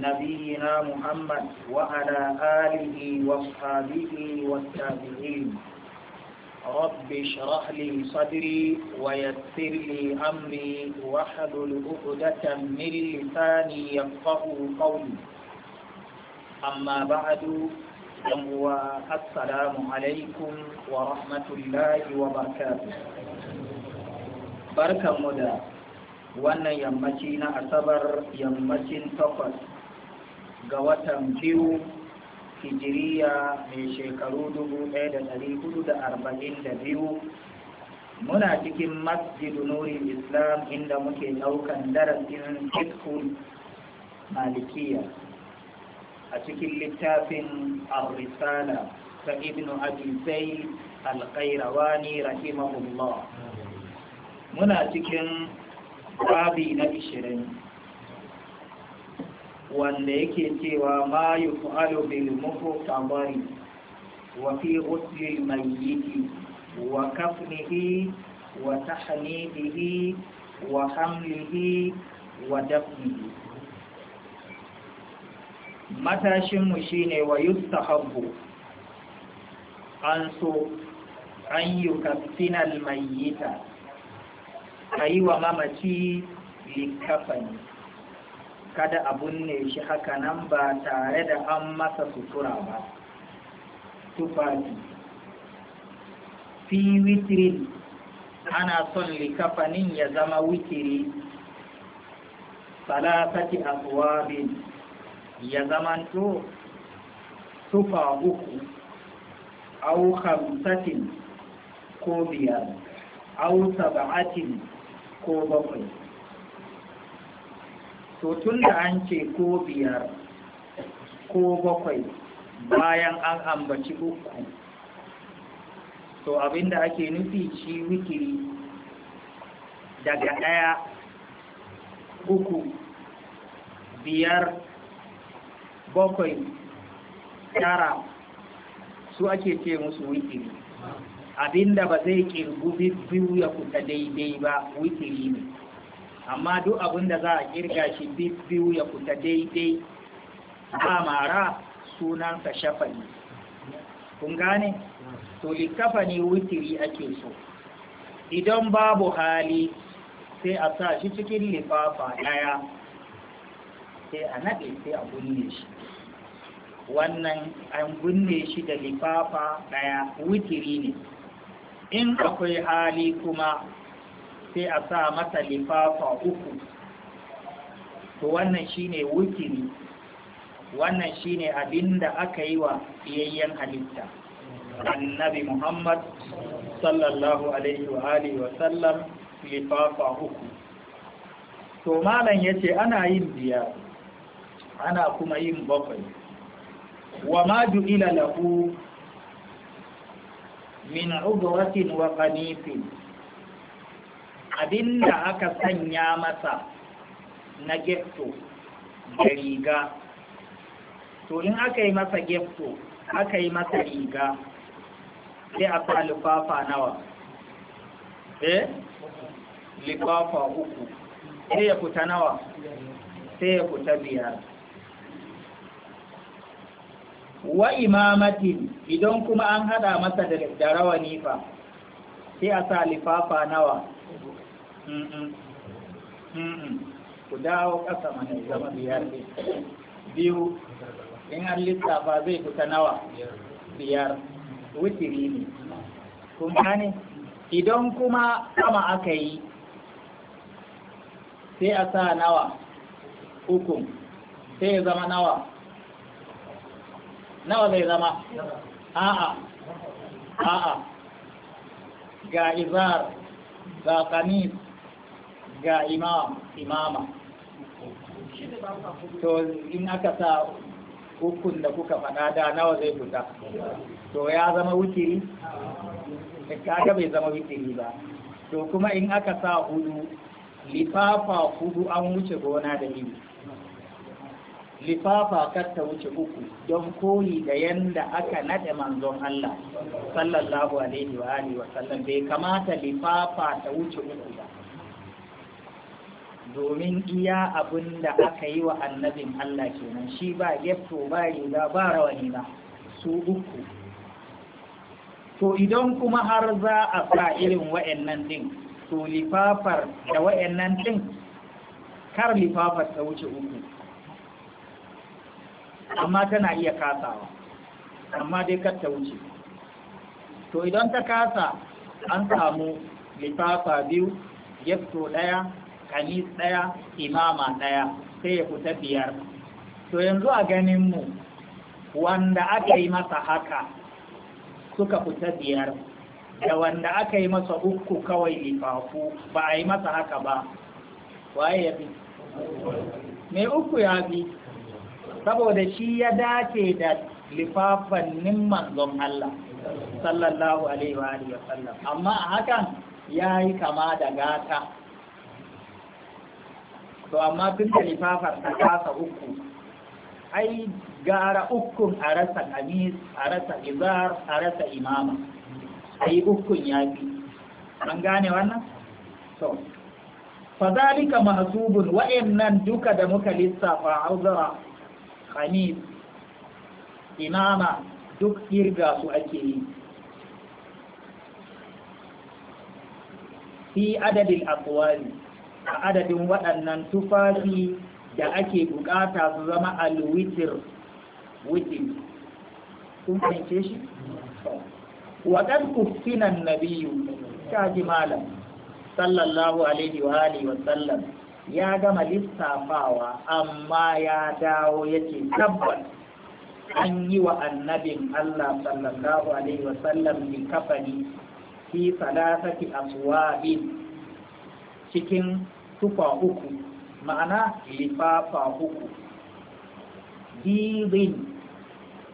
نبينا محمد وعلى آله وصحبه والتابعين رب اشرح لي صدري ويسر لي أمري واحلل عقدة من لساني يفقه قولي أما بعد السلام عليكم ورحمة الله وبركاته بركة مدى وانا يمتين أصبر يمتين yammacin ga watan biyu hijiriya mai shekaru arba'in biyu. muna cikin masjid nuri islam inda muke ɗaukan darasin fikhul malikiya a cikin littafin arisala ta ibn abi zayd rahimahullah muna cikin babi na ishirin. wanda yake cewa ma yuf'alu bil muhtabari wa fi ghusli al mayyit wa kafnihi wa tahnidihi wa hamlihi wa dafnihi matashin mu shine wa yustahabbu an so an yukaffina al mayyita ayi wa mamaci likafani kada a binne shi haka nan ba tare da an masa sutura ba tufafi fi witirin ana son likafanin ya zama witiri salasati aswabin ya zamanto tufa uku au hamsatin ko biyar au saba'atin ko bakwai to tun da an ce ko biyar ko bakwai bayan an ambaci uku to abinda ake nufi shi wikiri daga ɗaya uku biyar bakwai tara su ake ce musu wikiri abinda ba zai kirgu biyu ya kuta daidai ba wikiri ne amma duk abin da za a kirga shi biyu ya kuta daidai ba mara sunansa shafani kun gane to likafani wutiri ake so idan babu hali sai a sa shi cikin lifafa daya sai a naɗe sai a gunne shi wannan an gunne shi da lifafa ɗaya wutiri ne in akwai hali kuma sai a sa mata lifafa uku to wannan shine wukiri wannan shine abinda aka yi wa biyayyen halitta annabi Muhammad sallallahu alaihi wa alihi wa sallam lifafa uku to malam yace ana yin biya. ana kuma yin bakwai wa ma ila lahu min udwatin wa qanifin abinda aka sanya masa na gefto da riga to in aka yi masa gefto aka yi masa riga sai a sa lufafa nawa eh lufafa uku sai ya fita nawa sai ya fita biyar wa imamatin idan kuma an hada masa da rawani fa sai a sa lufafa nawa ku dawo ƙasa mana zama biyar ne biyu in an lissafa zai fita nawa biyar wutiri ne kuma ne idan kuma sama aka yi sai a sa nawa uku sai ya zama nawa nawa zai zama a'a a'a ga izar ga kamis ga imam imama to in aka sa hukun da kuka faɗa da nawa zai fita to ya zama wutiri kaga bai zama wikiri ba to kuma in aka sa hudu lifafa hudu an wuce gona da biyu lifafa kar ta wuce uku don koyi da yanda aka nade manzon Allah sallallahu alaihi wa alihi wa sallam bai kamata lifafa ta wuce uku ba domin iya abin da aka yi wa annabin Allah kenan shi ba gefto ba riga ba rawani ba su uku to idan kuma har za a sa irin wa'annan din to lifafar da wa'annan din kar lifafar ta wuce uku amma tana iya kasawa amma dai kar ta wuce to idan ta kasa an samu lifafa biyu gefto ɗaya kamis ɗaya imama ɗaya sai ya fita biyar to yanzu a ganinmu wanda aka yi masa haka suka fita biyar da wanda aka yi masa uku kawai lifafu ba a yi masa haka ba waye ya fi mai uku ya fi saboda shi ya dace da nimman zon Allah sallallahu alaihi wa sallam amma a hakan ya yi kama da gata to amma tun da lifafar ta kasa uku ai gara ukun a rasa kamis a rasa izar a rasa imama ai ukun ya fi an gane wannan to fadalika mahsubun nan duka da muka lissafa auzara kamis imama duk irga su ake yi fi adadin الأقوال a adadin waɗannan tufafi da ake bukata su zama alwitir witin sun fahimce shi waɗan kufinan nabiyu ta ji malam sallallahu alaihi wa alihi wa sallam ya gama lissafawa amma ya dawo yake tabbas an yi wa annabin Allah sallallahu alaihi wa sallam bi kafani fi salatati aswabin cikin tufa uku ma'ana lifafa uku bibin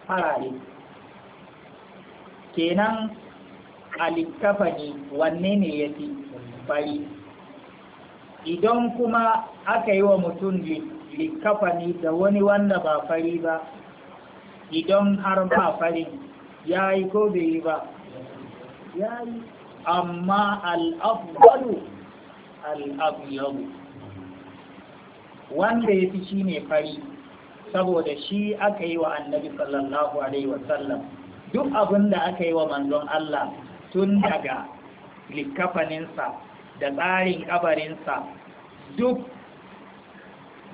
farare kenan ne wanne ne ya fi fari idan kuma aka yi wa mutum ne da wani wanda ba fari ba idan har ba fari ya yi ko bai yi ba ya yi amma al'afu al'abiyabu wanda ya fi shi ne fari saboda shi aka yi wa annabi sallallahu alaihi wasallam duk abin da aka yi wa manzon Allah tun daga likafaninsa da tsarin kabarinsa duk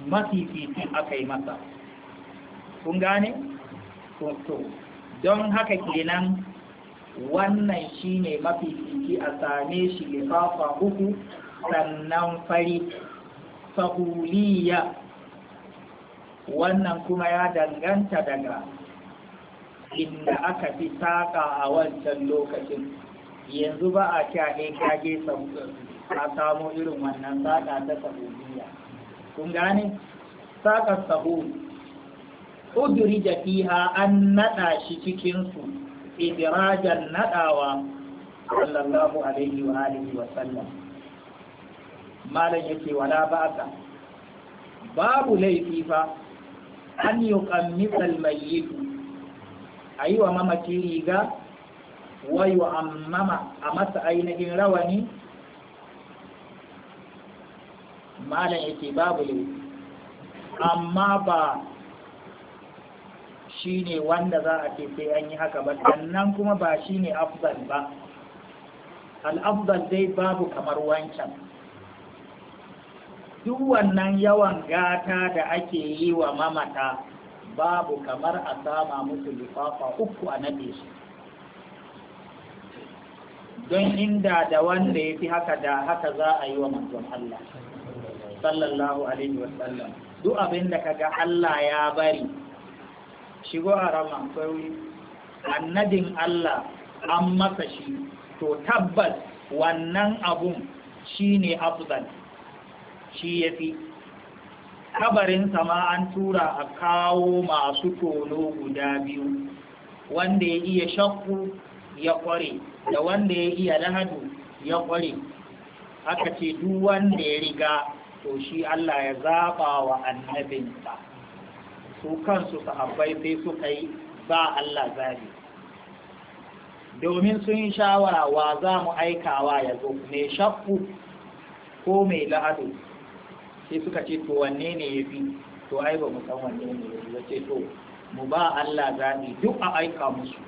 mafificin aka yi masa kun gane? to don haka kenan wannan shine mafifici a same shi lifafa uku sannan fari fahuliya wannan kuma ya danganta daga inda aka fi saƙa a wancan lokacin yanzu ba a kya ɗaya kage a samu irin wannan saƙa ta sahuliya kun gane saƙar sahuli da fiha an naɗa shi cikinsu. su naɗawa. sallallahu alaihi wa alihi wa sallam malam yake wala ba'sa babu laifi fa an yi al A ayi wa mamaci riga wa amma a masa ainihin rawani malam yake babu laifi amma ba shi ne wanda za a ce sai an yi haka ba sannan kuma ba shi ne afdal ba al'afdal dai babu kamar wancan duk wannan yawan gata da ake yi wa mamata babu kamar a sama musu lifafa uku a nade shi don inda da wanda ya fi haka da haka za a yi wa manzon Allah sallallahu alaihi wasallam duk abin da kaga Allah ya bari shigo a rama annadin Allah an masa shi to tabbas wannan abun shine afdal shi ya fi kabarinsa ma an tura a kawo masu tono guda biyu wanda ya iya shakku ya kware da wanda ya iya lahadu ya kware aka ce duk wanda ya riga to shi Allah ya zaɓa wa annabinsa su kansu sahabbai sai suka yi ba Allah zabi domin sun yi shawara wa za mu aikawa ya zo mai shakku ko mai lahadu sai suka ce to wanne ne ya fi to ai ba mu san wanne ne ya fi ya ce to mu ba Allah zaɓi duk a aika musu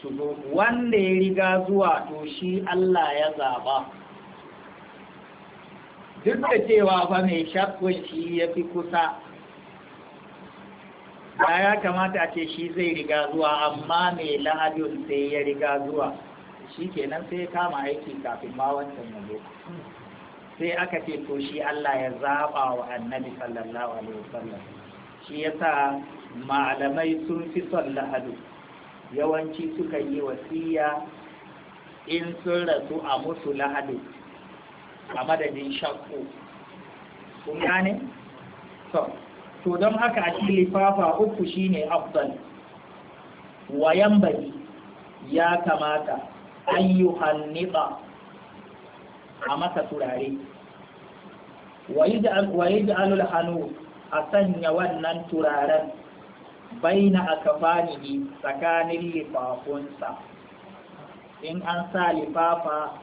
su zo wanda ya riga zuwa to shi Allah ya zaɓa duk da cewa fa mai shakwai shi ya fi kusa ba ya kamata a ce shi zai riga zuwa amma mai lahadin sai ya riga zuwa shi kenan sai ya kama aiki kafin ma wancan yanzu sai aka ce to shi Allah ya zaɓa wa annabi sallallahu alaihi wasallam shi yasa malamai sun fi son lahadu yawanci suka yi wasiya in sun rasu a musu lahadu a madadin shakku kun gane to to don haka a cikin lifafa uku shine afdal wayan bari ya kamata ayyuhan niba a masa turare wa yaj'alul hannu a sanya wannan turaren baina akfanihi tsakanin lifafunsa in an sa lifafa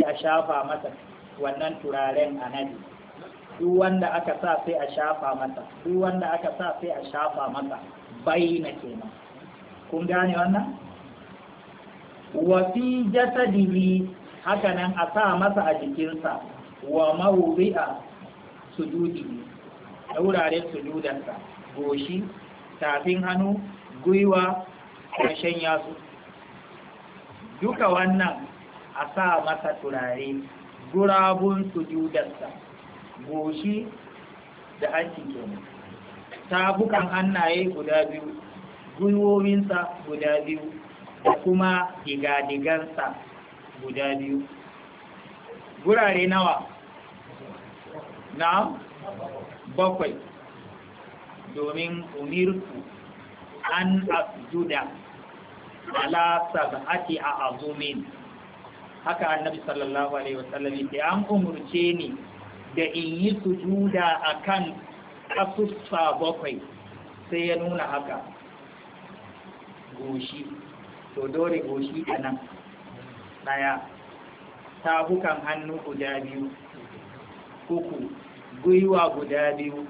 ya shafa masa wannan turaren a nadi duk wanda aka sa sai a shafa masa duk wanda aka sa sai a shafa masa baina kenan kun gane wannan wa fi jasadihi haka nan a sa masa a jikinsa wa maori sujudi da wurare sujudansa goshi tafin hannu gwiwa ƙarshen yasu duka wannan a sa masa turare gurabun sujudansa goshi da hanci kenan tabukan hannaye guda biyu gwiwowinsa guda biyu da kuma digadigansa guda biyu gurare nawa na bakwai domin umirku an abduda ala sab'ati a azumin haka annabi sallallahu alaihi wasallam ya an umurce ni da in yi sujuda akan kasussa bakwai sai ya nuna haka goshi to dole goshi a ɗaya tafukan hannu guda biyu uku gwiwa guda biyu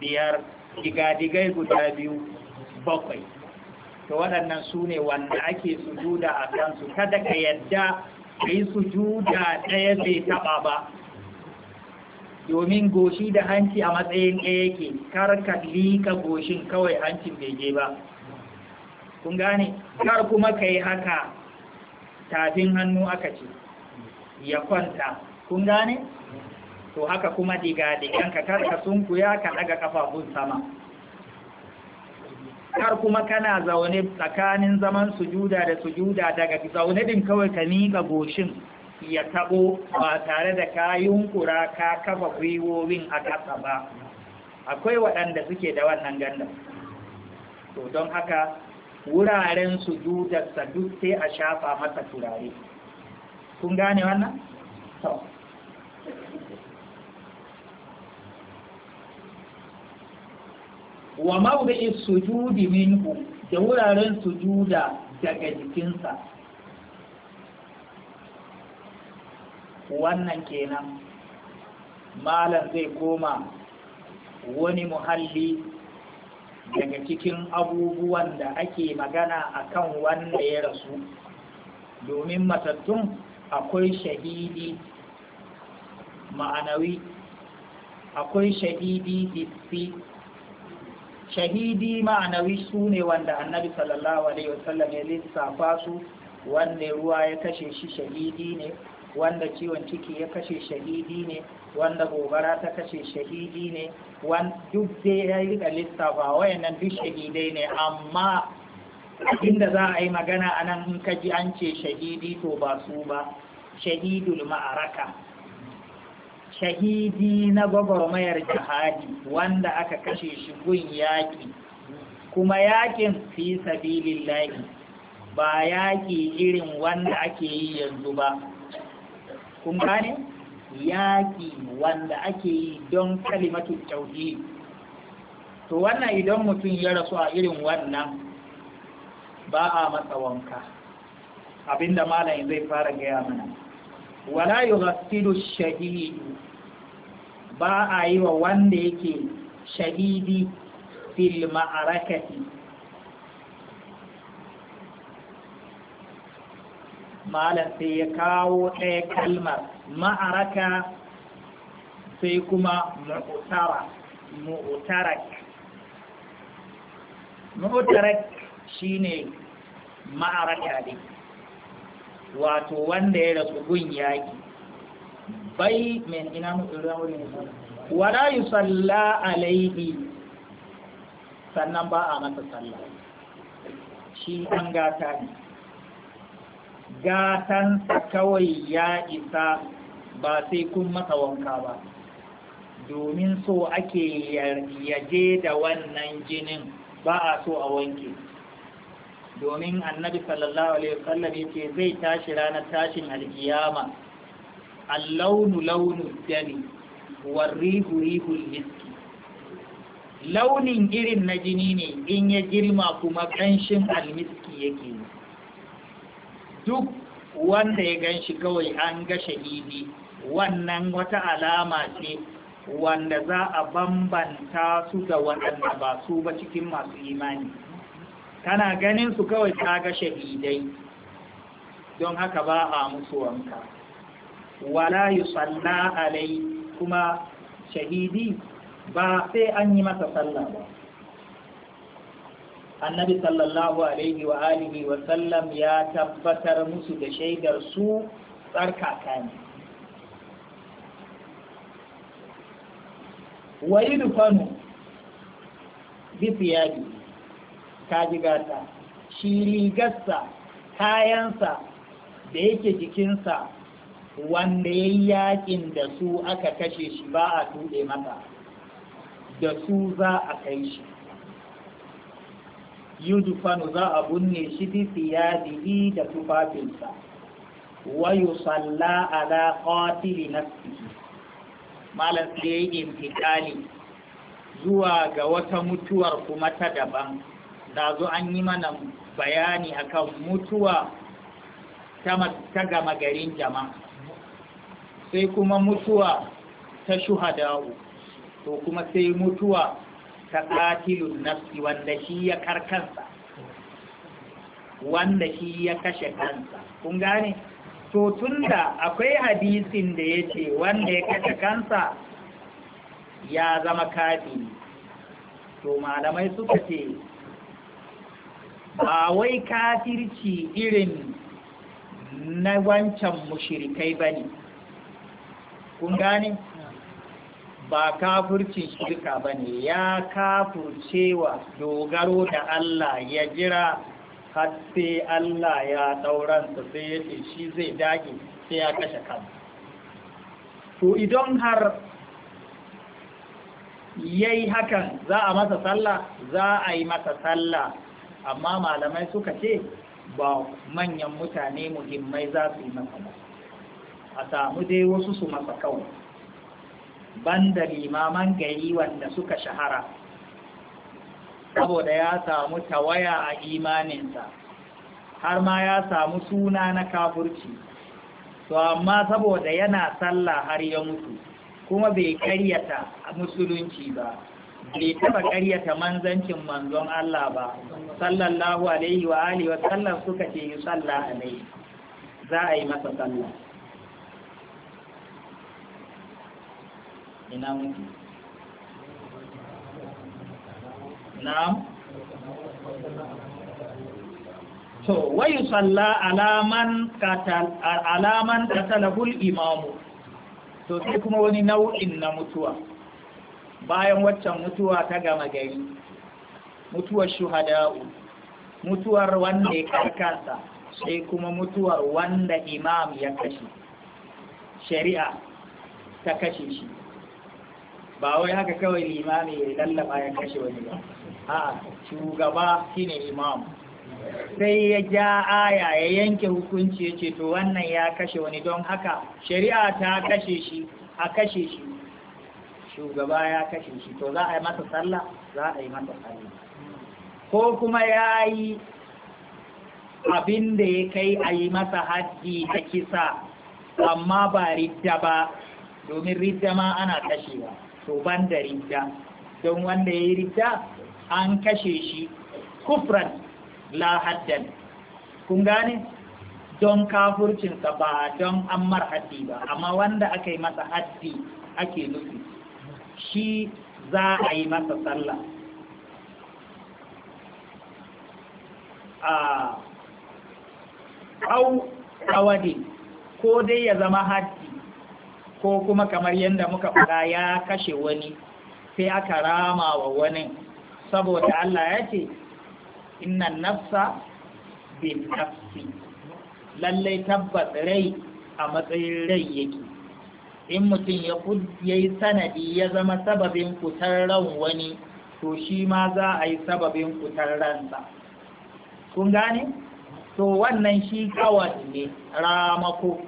biyar digadigai guda biyu bakwai to waɗannan su ne wanda ake sujuda a kansu kada ka yadda ka yi sujuda ɗaya bai taɓa ba domin goshi da hanci a matsayin ɗaya yake kar ka liƙa goshin kawai hancin bai ba kun gane kar kuma ka yi haka tafin hannu aka ce ya kwanta kun gane to haka kuma diga diganka kar ka sunkuya ka daga kafafun sama kar kuma kana zaune tsakanin zaman sujuda da sujuda daga zaune din kawai ka miƙa goshin ya taɓo ba tare da kayun kura ka kafa gwiwowin a ƙasa ba akwai waɗanda suke da wannan ganda to don haka wuraren sujudarsa duk sai a shafa masa turare kun gane wannan? to wa mawdi'i sujudi minhu da wuraren sujuda daga jikinsa wannan kenan malam zai koma wani muhalli daga cikin abubuwan da ake magana a kan wanda ya rasu domin matattun akwai shahidi ma'anawi akwai shahidi hissi shahidi ma'anawi su ne wanda annabi sallallahu alaihi wasallam ya lissafa su wanda ruwa ya kashe shi shahidi ne wanda ciwon ciki ya kashe shahidi ne wanda gobara ta kashe shahidi ne duk dai ya yi da lissafa wayannan duk shahidai ne amma inda za a yi magana a nan in an ce shahidi to ba su ba shahidul ma'araka shahidi na gwagwarmayar jihadi wanda aka kashe shi gun yaƙi kuma yaƙin fi sabilillahi ba yaƙi irin wanda ake yi yanzu ba kun gane yaƙi wanda ake yi don kalimatun tauhi to wannan idan mutum ya rasu a irin wannan ba a matsawanka abinda malamin zai fara gaya mana wala yughassilu shahidu ba a yi wa wanda yake shahidi fil ma'arakati malam sai ya kawo ɗaya kalmar ma'araka sai kuma mu'tara mu'tarak shi ne ma'araka ne wato wanda ya rasu gun yaƙi. bai min ina mu'tara ne wala yusalla alaihi sannan ba a masa sallah shi an gata ne gatansa kawai ya isa ba sai kun masa wanka ba domin so ake yaje da wannan jinin ba a so a wanke domin annabi sallallahu alaihi wasallam yake zai tashi ranar tashin alkiyama allaunu launu dami warrihu rihul miski launin irin na jini ne in ya girma kuma kanshin almiski yake yi duk wanda ya gan shi kawai an ga shahidi wannan wata alama ce wanda za a bambanta su da waɗanda ba su ba cikin masu imani kana ganin su kawai ta ga shahidai don haka ba a musu wanka wala yi alai kuma shahidi ba sai an yi masa sallah ba annabi sallallahu alaihi wa alihi wa sallam ya tabbatar musu da shaidar su tsarkaka ne wa yudfanu bi fiyadi kajigata shi rigarsa kayansa da yake jikinsa wanda ya yi yakin da su aka kashe shi ba a tuɗe mata da su za a kai shi yudufanu za a bunne shi bi siyadihi da tufafinsa wayo salla ala qatili nafsihi malam sai yayi intikali zuwa ga wata mutuwar kuma ta daban da zo an yi mana bayani akan mutuwa ta gama garin jama sai kuma mutuwa ta shuhadawu to kuma sai mutuwa ta ƙatilun nafsi wanda shi ya karkansa wanda shi ya kashe kansa kun gane to tunda akwai hadisin da ya ce wanda ya kashe kansa ya zama kafi to malamai suka ce ba wai kafirci irin na wancan mushirikai ba ne kun gane ba kafurci shirka ba ne ya kafurcewa dogaro da Allah ya jira har sai Allah ya ɗauransa sai ya ce shi zai dage sai ya kashe kansa. To idan har ya yi hakan za a masa sallah za a yi masa sallah amma malamai suka ce ba manyan mutane muhimmai za su yi masa ba a samu dai wasu su masa kawai banda limaman gari wanda suka shahara saboda ya samu tawaya a imaninsa har ma ya samu suna na kafurci to amma saboda yana sallah har ya mutu kuma bai karyata musulunci ba bai taba karyata manzancin manzon Allah ba sallallahu alaihi wa alihi wa sallam suka ce yi sallah alaihi za a yi masa sallah ina muke na'am to wayu salla alaman qatal imamu. qatalahul kuma wani nau'in na mutuwa bayan waccan mutuwa ta gama gari mutuwar shuhada'u mutuwar wanda ya karkasa sai kuma mutuwar wanda imam ya kashe shari'a ta kashe shi ba wai haka kawai limami ya lallaba ya kashe wani ba a shugaba shine imam sai ya ja aya ya yanke hukunci ya ce to wannan ya kashe wani don haka shari'a ta kashe shi a kashe shi shugaba ya kashe shi to za a yi masa sallah za a yi masa sallah ko kuma ya yi abin da ya kai a yi masa haddi da kisa amma ba ridda ba domin ridda ma ana kashewa to da ridda don wanda ya yi ridda an kashe shi kufran la haddan kun gane don kafurcinsa ba don an haddi ba amma wanda aka yi masa haddi ake nufi shi za a yi masa sallah au ko dai ya zama haddi ko kuma kamar yadda muka fara ya kashe wani sai aka rama wa wani saboda Allah ya ce innan nafsa bin nafsi lallai tabbas rai a matsayin rai yake in mutum ya yi sanadi ya zama sababin kutar ran wani to shi ma za a yi sababin kutar ransa kun gane? to wannan shi kawai ne ramako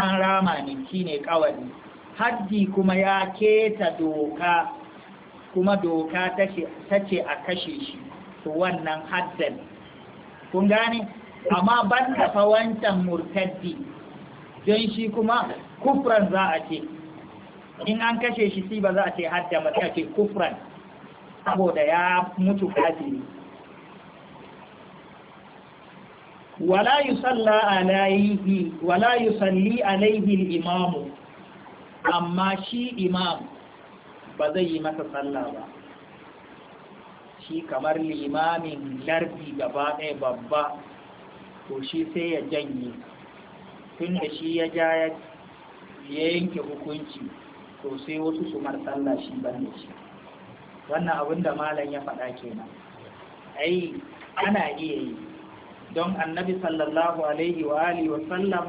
an rama ne shine kawari haddi kuma ya keta doka kuma doka ta ce a kashe shi to wannan haddan kun gane amma ban da wancan murtaddi don shi kuma kufran za a ce in an kashe shi si ba za a ce hadda ba ce kufran saboda ya mutu kafiri ولا يصلى عليه ولا يصلي عليه الإمام أما شي yi بزي ما ba. shi kamar limamin lardi gaba ɗaya babba to shi sai ya janye tun da shi ya ja ya yanke hukunci to sai wasu su sallah shi ban da shi wannan abin da malam ya faɗa kenan ai ana iya yi don annabi sallallahu alaihi wa alihi wa sallam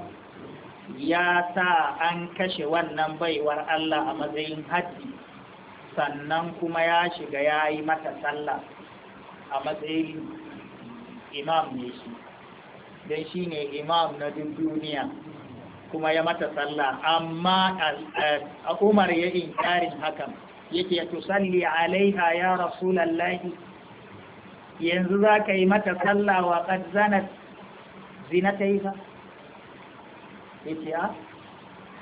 ya sa an kashe wannan baiwar Allah a matsayin haji sannan kuma ya shiga ya yi mata sallah a matsayin imam ne shi don shi ne imam na duk duniya kuma ya mata sallah amma a umar ya inkarin hakan yake tusalli alaiha ya rasulallahi yanzu za ka yi mata sallah wa zanat zina ta yi ba ya ce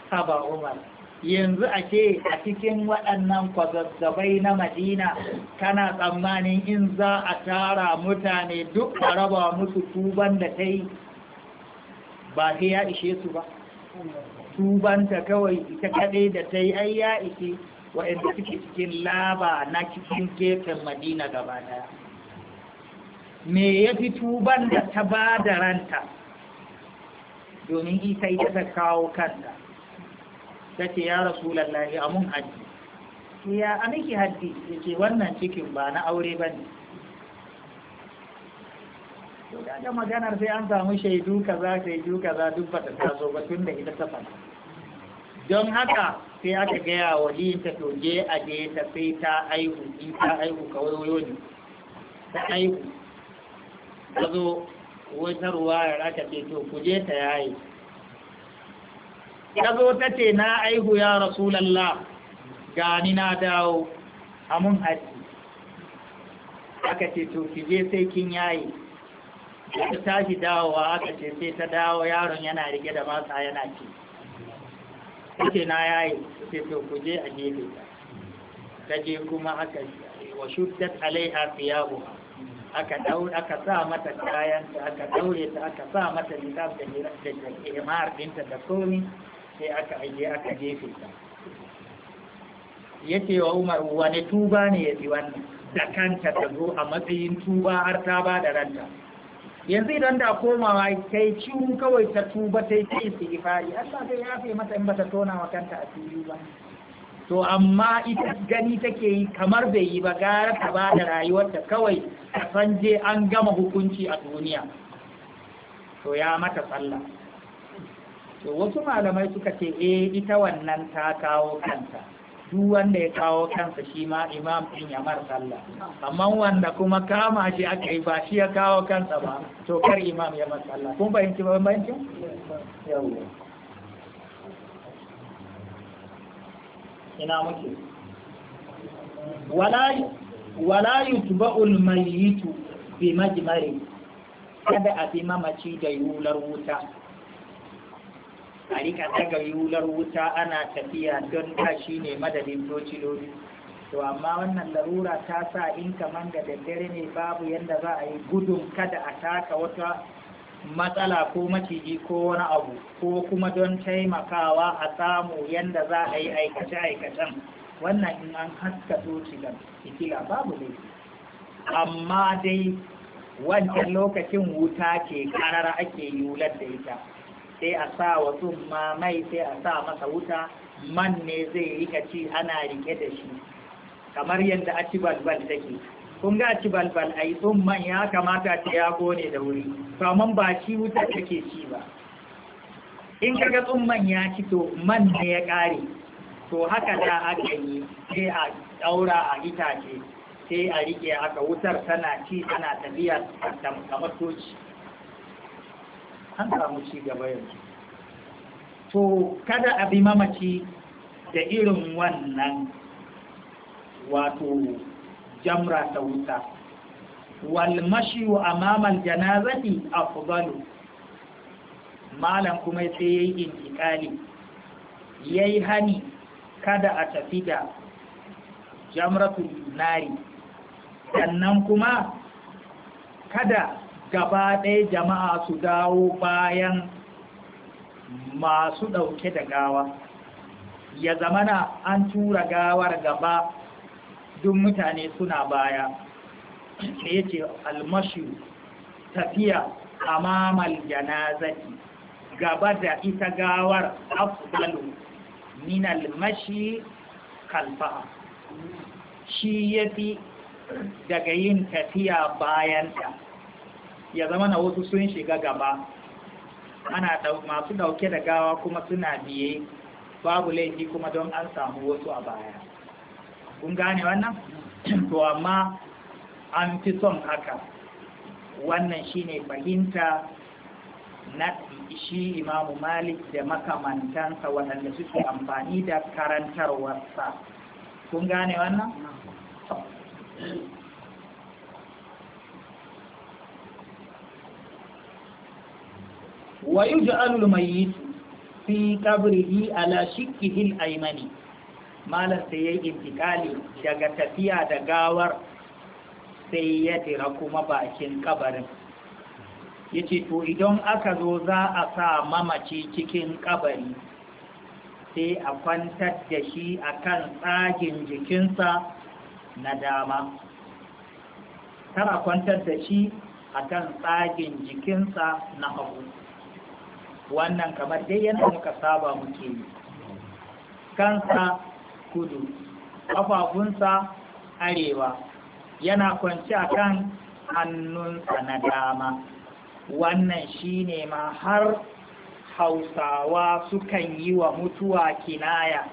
ah, a umar yanzu a ce a cikin waɗannan kwazazzabai na madina kana tsammanin in za a tara mutane duk a raba musu tuban da ta yi ba ta ya ishe su ba tubanta kawai ita kaɗai da ta yi ai ya ishe waɗanda suke cikin laba na cikin gefen madina gaba ɗaya me ya fi tuban da ta ba da ranta domin ita ita ta kawo kanta ta ce ya rasu lallahi a mun hajji ya a miki hajji ya ce wannan cikin ba na aure ba ne ga maganar sai an samu shaidu kaza shaidu kaza duk ba ta taso ba tun da ita ta fata don haka sai aka gaya wa ta to je a je ta sai ta aihu ta aihu kawai ne ta aihu ta zo wata ya aka ce to ku je ta yayi ta zo ta ce na aihu ya rasulallah gani na dawo a mun haji aka ce to ki je sai kin yayi ta tashi dawowa aka ce sai ta dawo yaron yana rike da masa yana ci ce na yayi ce to ku je a gefe ta je kuma aka wa shuddat alaiha thiyabuha aka aka sa mata kayan ta aka daure ta aka sa mata littaf da imar dinta da komi sai aka aje aka jefe ta yace wa Umar wani tuba ne ya ji wannan da kanta ta zo a matsayin tuba har ta ba da ranta yanzu idan da komawa kai ciwon kawai ta tuba ta yi ta yi Allah zai yafe mata in bata tona wa kanta a fili ba to amma ita gani take yi kamar bai yi ba gara ta ba da rayuwarta kawai ta san je an gama hukunci a duniya to ya mata sallah to wasu malamai suka ce eh ita wannan ta kawo kanta duk wanda ya kawo kansa shi ma imam din ya mar sallah amma wanda kuma kama shi aka yi ba shi ya kawo kansa ba to kar imam ya mar sallah kun fahimci bambancin yawa ina muke wala yutba'ul mayyitu bi majmari kada a bi mamaci da yular wuta a rika daga yular wuta ana tafiya don ta shi ne madadin tociloli to amma wannan larura ta sa in kaman da daddare ne babu yadda za a yi gudun kada a taka wata matsala ko maciji ko wani abu ko kuma don taimakawa a samu yadda za a yi aikace-aikacen wannan in an haska tocilan ikila. babu ne amma dai wancan lokacin wuta ke karara ake yi yular da ita sai a sa wa tsumma mai sai a sa masa wuta man ne zai rika ana rike da shi kamar yadda ci balbal take kun ga ci balbal a yi tsumman ya kamata ta ya gone da wuri kamar ba shi wutar ke ci ba in kaga tsumman ya ci to man da ya ƙare to haka da aka yi sai a ɗaura a itace sai a riƙe aka wutar tana ci tana tafiya kamar matoci an samu ci gaba yanzu to kada a bi mamaci da irin wannan wato jamra ta wuta wal mashi amama al janazati afdalu malam kuma sai yayi intikali yayi hani kada a tafi da jamratul nari sannan kuma kada gaba ɗaya jama'a su dawo bayan masu ɗauke da gawa ya zamana an tura gawar gaba duk mutane suna baya da ya ce almashi tafiya a mamal janazati gaba da ita gawar afdalu min almashi kalfa shi ya fi daga yin tafiya bayanta ya zama na wasu sun shiga gaba ana masu dauke da gawa kuma suna biye babu laifi kuma don an samu wasu a baya kun gane wannan to amma an fi son haka wannan shine fahimta na shi imamu malik da makamantansa waɗanda suke amfani da karantarwarsa kun gane wannan? wa yi ja'alul mai yi fi ƙabirhi ala shikihil aimani malam sai ya yi intikali daga tafiya da gawar sai ya tira kuma bakin kabarin ya ce to idan aka zo za a sa mamaci cikin kabari sai a kwantar da shi a kan tsagin jikinsa na dama a kwantar da shi a kan tsagin jikinsa na hagu wannan kamar dai yana muka saba muke kansa kudu ƙafafunsa arewa yana kwanci a kan hannunsa na dama wannan shine ma har hausawa sukan yi wa mutuwa kinaya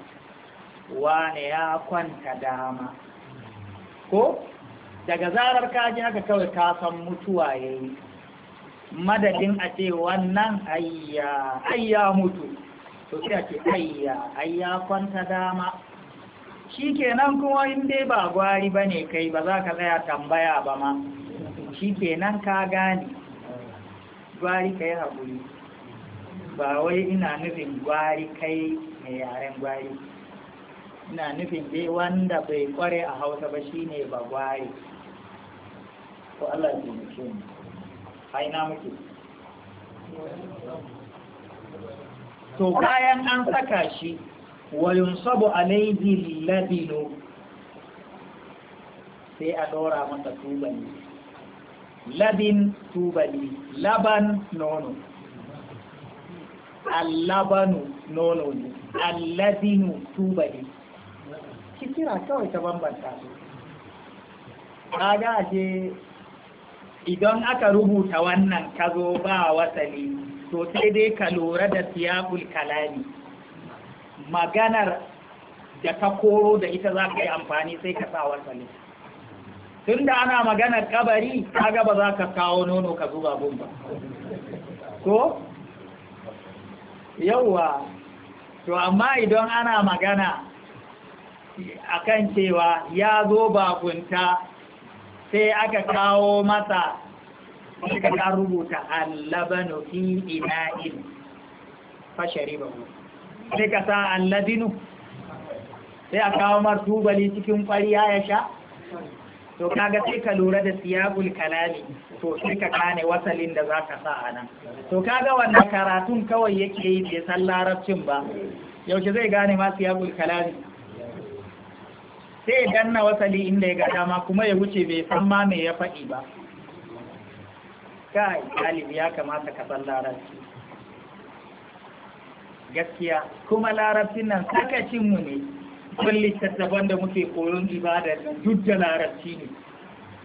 wane ya kwanta dama ko daga zarar kaji haka kawai kasan mutuwa ya yi madadin a ce wannan ayya mutu to sai a ce ayya kwanta dama shi kenan kuma in ba gwari ba ne kai ba za ka tsaya tambaya ba ma shi kenan ka gani gwari kai haƙuri ba wai ina nufin gwari kai mai yaren gwari ina nufin dai wanda bai kware a hausa ba shine ba gwari ko Allah ya taimake mu muke to kayan an saka shi وينصب عليه اللبن sai a ɗora masa tubali labin tubali laban nono allabanu nono ne allabinu tubali kisira kawai ta bambanta su kaga ce idan aka rubuta wannan kazo zo ba wasali to sai dai ka lura da siyabul kalami maganar da ta koro da ita za ka yi amfani sai ka sa ne. tun da ana maganar kabari ta gaba za ka kawo nono ka zuba bumba ko yauwa to amma idan ana magana akan cewa ya zo bakunta sai aka kawo masa ka rubuta allabanu fi ina'in fashari bakunta sai ka sa ladinu sai a kawo Martubali cikin kwari ya sha to kaga sai ka lura da siyagul Kalali to sai ka gane wasalin da za ka sa a nan to kaga wannan karatun kawai yake yi da san ba yaushe zai gane ma siyagul Kalali? sai danna wasali inda ya ga dama kuma ya wuce bai san ma me ya faɗi ba kai galibi ya kamata ka san larabci gaskiya kuma larabcin nan sakacinmu ne kun littattafan da muke koyon ibada da duk da larabci ne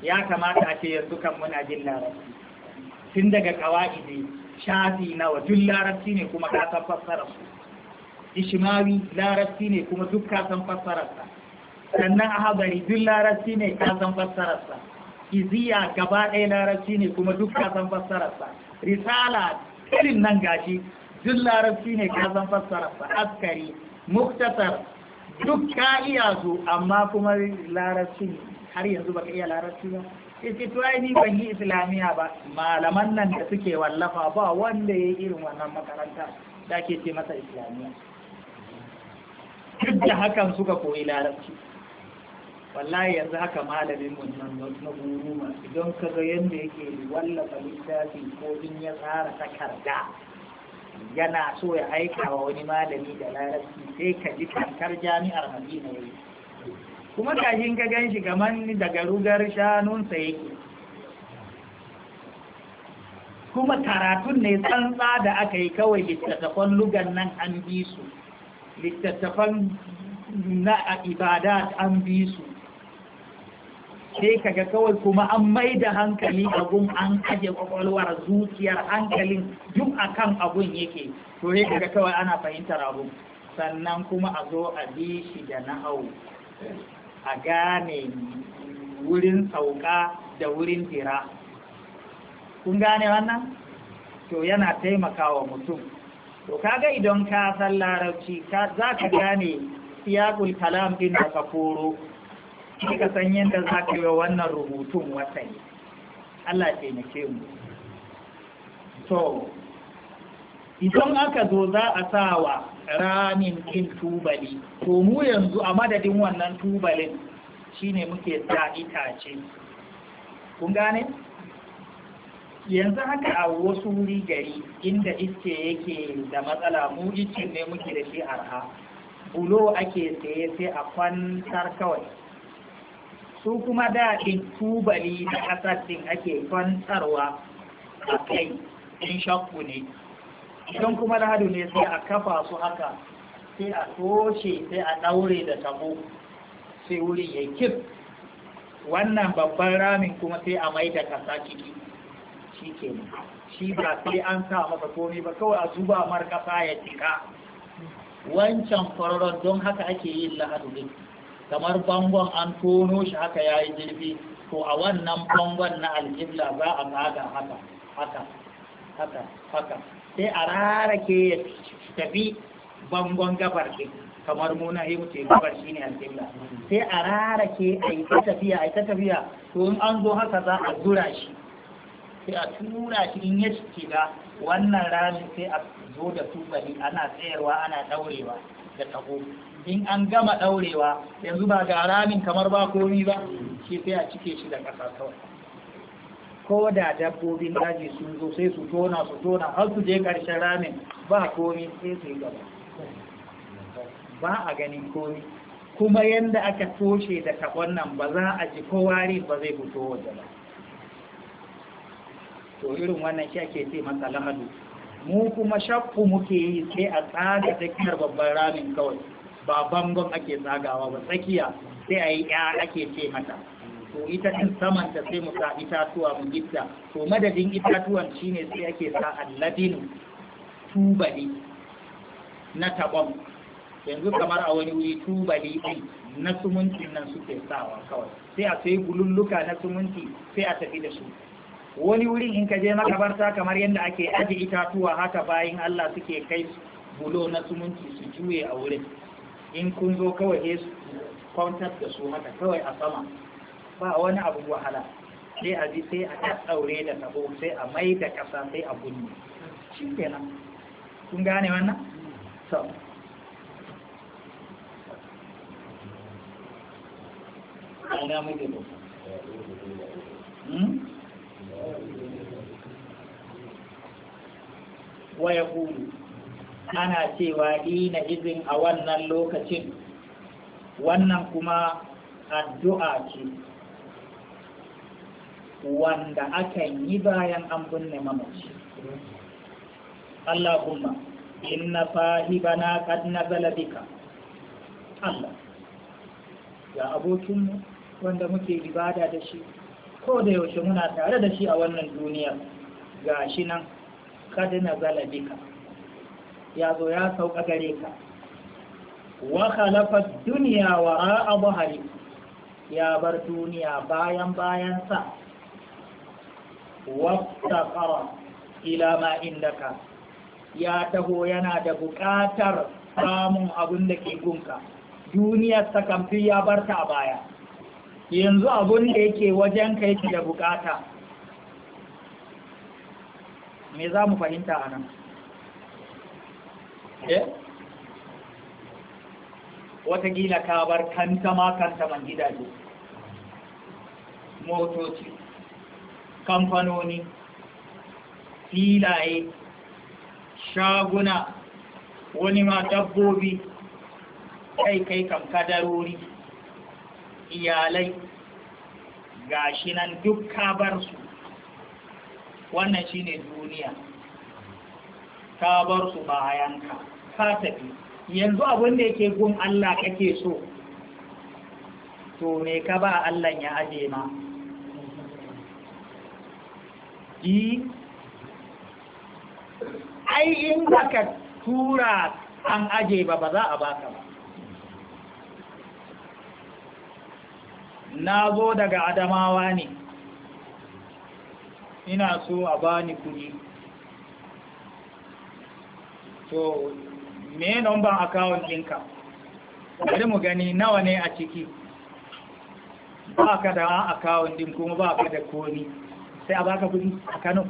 ya kamata a ce yanzu kan muna jin larabci tun daga kawai ne shafi nawa duk larabci ne kuma ka san fassarar su ishimawi larabci ne kuma duk ka san fassarar sa sannan ahabari duk larabci ne ka san fassarar sa iziya gaba ɗaya larabci ne kuma duk ka san fassarar sa risala irin nan gashi duk larabci ne ka san fassara fa askari muktasar duk ka iya su amma kuma larabci har yanzu baka iya larabci ba sai ni ban yi islamiya ba malaman nan da suke wallafa ba wanda yayi irin wannan makaranta da ke ce masa islamiya duk da hakan suka koyi larabci wallahi yanzu haka malamin wannan nan na guruma idan ka ga yadda yake wallafa littafi ko din ya tsara takarda yana so ya aika wa wani malami da larabci sai ka ji kankar jami'ar madina yayi kuma kashin ka gan shi gaman daga rugar shanunsa yake kuma karatun ne tsantsa da aka yi kawai littattafan lugan nan an bi su littattafan na ibada an bi su sai kaga kawai kuma an mai da hankali abun an aje kwakwalwar zuciyar hankalin duk akan abun yake to sai kaga kawai ana fahimtar abun sannan kuma a zo a bi shi da hau a gane wurin sauka da wurin tira kun gane wannan to yana taimakawa mutum to kaga idan ka san larabci za ka gane siyakul kalam din da ka koro shi ka san yadda za ka yi wannan rubutun watan Allah taimake mu so idan aka zo za a sa wa ramin ɗin tubali to mu yanzu a madadin wannan tubalin shine muke sa itace kun gane yanzu haka a wasu wuri gari inda iske yake da matsala mu ne muke da shi arha bulo ake saye sai a kwantar kawai su kuma daɗin tubali da ƙasar ɗin ake kwantarwa a kai in shakku ne Don kuma lahadu ne sai a kafa su haka sai a toshe sai a ɗaure da tabo sai wurin ya kif wannan babban ramin kuma sai a mai da ƙasa ciki shi ke shi ba sai an sa masa komi ba kawai a zuba mar ƙasa ya cika wancan kwararren don haka ake yin lahadu ne kamar bangon an tono shi haka ya yi jirgi ko a wannan bangon na aljibla za a maga haka haka haka haka sai a rarake ya tafi bangon gabar ɗin kamar muna yi muke gabar shi ne alƙibla sai a rarake a yi ta tafiya a yi ta tafiya to in an zo haka za a zura shi sai a tura shi in ya shiga wannan ramin sai a zo da tubali ana tsayarwa ana ɗaurewa da tago in an gama ɗaurewa yanzu ba ga ramin kamar ba komi ba shi sai a cike shi da ƙasa kawai ko da dabbobin daji sun zo sai su tona su tona har su je ƙarshen ramin ba komi sai su yi gaba ba a ganin komi kuma yadda aka toshe da taɓon nan ba za a ji kowari ba zai fito waje ba to irin wannan shi ake ce masa lahadu mu kuma shakku muke yi sai a tsada tsakiyar babban ramin kawai ba bangon ake tsagawa ba tsakiya sai a yi ake ce mata to ita ɗin samanta sai mu sa itatuwa mu gitta to madadin itatuwan shine sai ake sa alladin tubali na tabon yanzu kamar a wani wuri tubali ɗin na sumunci nan suke sawa kawai sai a sai gululluka na sumunci sai a tafi da su wani wurin in ka je makabarta kamar yadda ake aji itatuwa haka bayan Allah suke kai bulo na sumunci su juye a wurin in kun zo kawai ne su kwantar da su mata kawai a sama ba wani abu wahala sai a ji sai a ɗaɗɗaure da tabo sai a mai da ƙasa sai a bunni shi nan kun gane wannan? so ana muke ba hmm? wa ya ana cewa ina izin a wannan lokacin wannan kuma addu'a ce wanda akan yi bayan an binne mamaci Allahumma inna fahibana qad nazala bika Allah ya abokinmu wanda muke ibada da shi ko da yaushe muna tare da shi a wannan duniya gashi nan kad nazala bika ya zo ya sauka gare ka wa khalafa duniya wa ra'a ya bar duniya bayan bayan sa. wa taqara ila ma indaka ya taho yana da buƙatar samun abin da ke gunka duniyar ta kamfi ya bar ta a baya yanzu abun da yake wajen ka yake da buƙata me za mu fahimta anan? Eh? watakila ka bar kantama kantaman gidaje motoci kamfanoni filaye shaguna wani ma dabbobi kai kai kam kadarori iyalai gashi nan duk ka bar su wannan shine duniya ka bar su bayanka ka yanzu abin da yake gun Allah kake so to me ka ba Allah ya aje ma yi ai in baka tura an aje ba ba za a baka ba na zo daga adamawa ne ina so a bani kuɗi to me numban account ɗinka bari mu gani nawa ne a ciki ba ka da account ɗin kuma ba ka da komi sai a baka kudi a Kano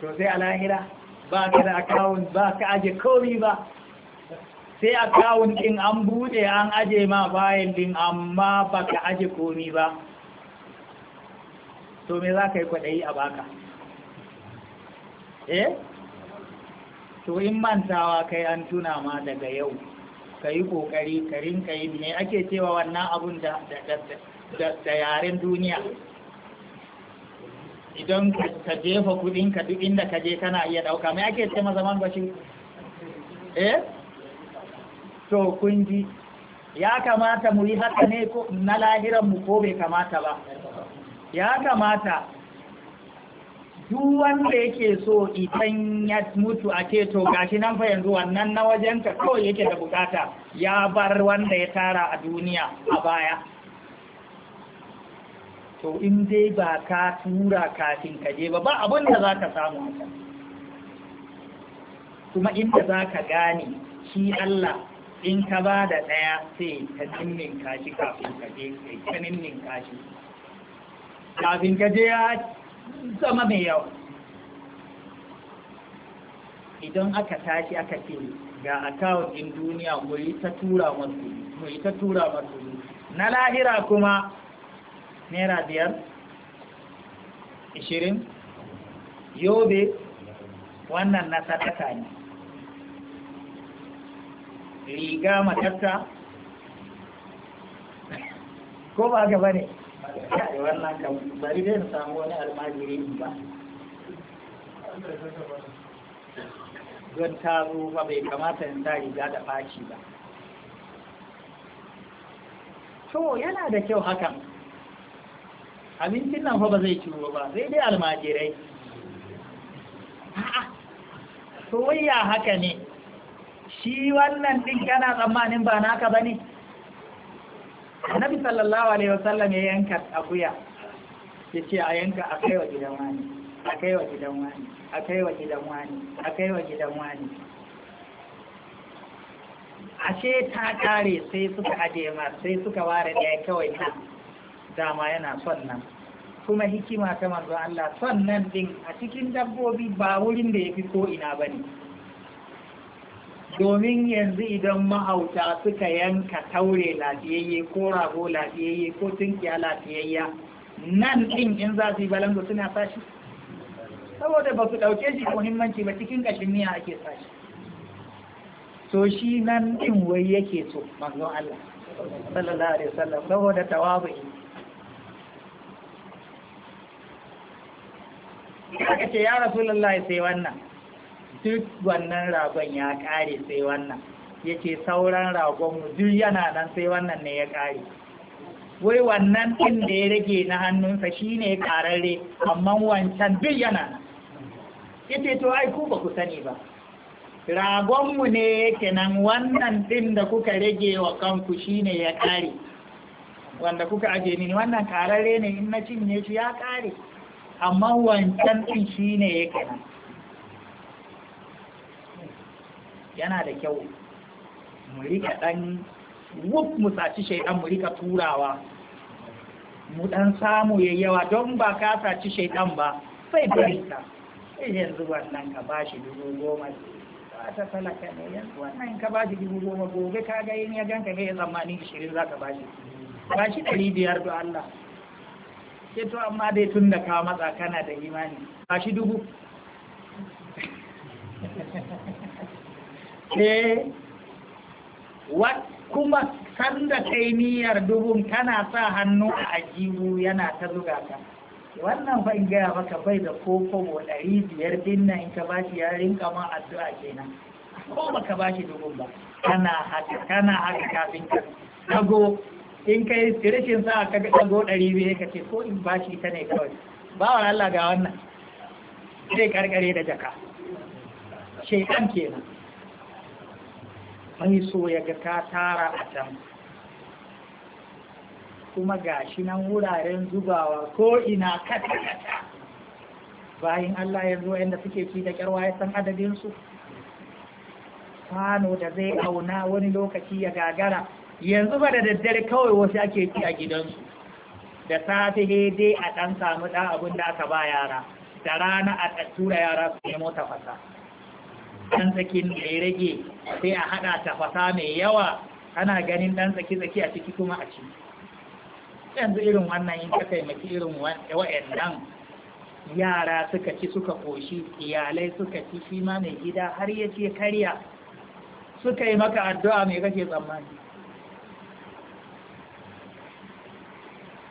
to sai a lahira ba ka da account ba ka aje komi ba sai account ɗin an buɗe an aje ma bayan ɗin amma ba ka aje komi ba to me za ka yi kwaɗayi a baka eh to in mantawa kai an tuna ma daga yau ka yi ƙoƙari ka rinka yi ne ake cewa wannan abun da da yaren duniya idan ka jefa kudinka duk inda ka je kana iya dauka mai ake ce mazaman bashi eh to kun ji ya kamata mu yi haka ne na lahiran mu ko bai kamata ba ya kamata duk wanda yake so idan ya mutu a ce to gashi nan fa yanzu wannan na wajen ka kawai yake da bukata ya bar wanda ya tara a duniya a baya to in dai ba ka tura kafin ka je ba ba abin da za ka samu a kuma inda za ka gane shi Allah in ka ba da ɗaya sai ka nimmin kashi kafin ka je ka nimmin kashi kafin ka je ya zama mai yawa idan aka tashi aka ce ga akawun ɗin duniya mu yi ta tura masu na lahira kuma naira biyar ishirin yobe wannan na sadaka ne riga matatta ko ba gaba ne kai wannan kam bari dai samu wani almajiri ba don taro ba bai kamata in sa riga da faci ba to yana da kyau hakan abincin nan fa ba zai ciwo ba zai dai almajirai to wai ya haka ne shi wannan din yana tsammanin ba naka ba ne annabi sallallahu alaihi wasallam ya yanka akuya ya ce a yanka a wa gidan wani a wa gidan wani a wa gidan wani a wa gidan wani ashe ta kare sai suka aje ma sai suka ware ɗaya kawai ta dama yana son nan kuma hikima ta manzo Allah son nan din a cikin dabbobi ba wurin da ya fi ko ina bane domin yanzu idan mahauta suka yanka taure lafiyayye ko rago lafiyayye ko tunkiya lafiyayya nan ɗin in za su yi balango suna sashi saboda ba su ɗauke shi muhimmanci ba cikin ƙashin miya ake sashi to shi nan ɗin wai yake so manzo Allah sallallahu alaihi wasallam saboda tawabu aka ce ya rasulullahi sai wannan duk wannan ragon ya ƙare sai wannan ya ce sauran ragonmu duk yana nan sai wannan ne ya ƙare wai wannan ɗin da ya rage na hannunsa shi ne ƙararre amma wancan duk yana nan ya ce to ai ku ba ku sani ba ragonmu ne yake nan wannan ɗin da kuka rage wa kanku shi ne ya ƙare wanda kuka aje ni wannan ƙararre ne in na cinye shi ya ƙare amma wancan ɗin shi ne yake nan yana da kyau mu rika ɗan wuf mu saci shaidan mu rika turawa mu ɗan samu yayyawa don ba ka saci shaidan ba sai bari sai yanzu wannan ka ba shi dubu goma ba ta talaka ne yanzu wannan ka ba shi dubu goma gobe ka ga yin ya ganka kai tsammanin ishirin za ka ba shi ba shi ɗari biyar da Allah ke to amma dai tun da ka matsa kana da imani ba shi dubu eh kuma sanda kai niyyar dubun tana sa hannu a ajiyu yana ta zuga ka wannan fa in gaya maka bai da koko wa ɗari biyar dinna in ka bashi ya rinka ma addu'a kenan ko baka bashi dubun ba kana haka kana haka kafin ka dago in kai tirishin sa ka ga dago ɗari biyar ka ce ko in bashi ta ne kawai ba wa Allah ga wannan sai karkare da jaka shekan kenan Mai so ya ga ta tara a can kuma gashi nan wuraren zubawa ko ina kata kata bayan Allah ya zo yadda suke fi da kyarwa ya san adadinsu kwano da zai auna wani lokaci ya gagara yanzu ba da daddare kawai wasu ake ci a gidansu da safe dai a ɗan samu ɗan abin da aka ba yara da rana a tura yara su nemo tafasa ɗan tsakin da rage sai a haɗa tafasa mai yawa ana ganin ɗan tsaki-tsaki a ciki kuma a ci yanzu irin wannan yin ka taimaki irin nan yara suka ci suka koshi iyalai suka ci shi ma mai gida har ya ce karya suka yi maka addu'a mai kake tsammani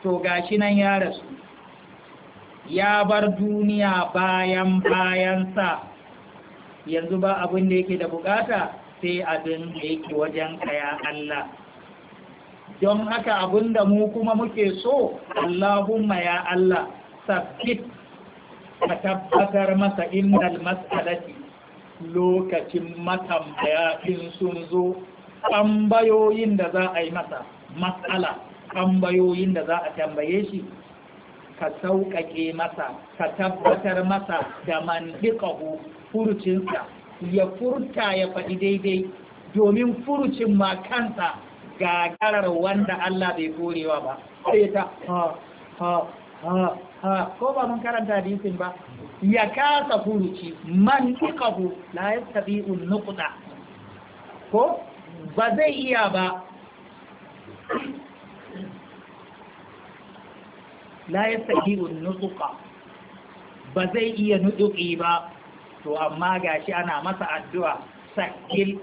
to gashi nan ya rasu ya bar duniya bayan bayan sa. yanzu ba abin da yake da bukata sai abin da yake wajen kaya Allah don haka abin da mu kuma muke so Allahumma ya Allah sabbit ka tabbatar masa innal mas'alati lokacin matambaya in sun zo tambayoyin da za a yi masa matsala tambayoyin da za a tambaye shi ka sauƙaƙe masa ka tabbatar masa da mandikahu furucinsa ya furta ya faɗi daidai domin furucin ma kansa gagarar wanda Allah bai korewa ba sai ta ha ha ha ha ko ba mun karanta hadisin ba ya kasa furuci mandikahu la yastabi'u nuqta ko ba zai iya ba la yastahiu nutsuka ba zai iya nutsuki ba to amma gashi ana masa addu'a sakil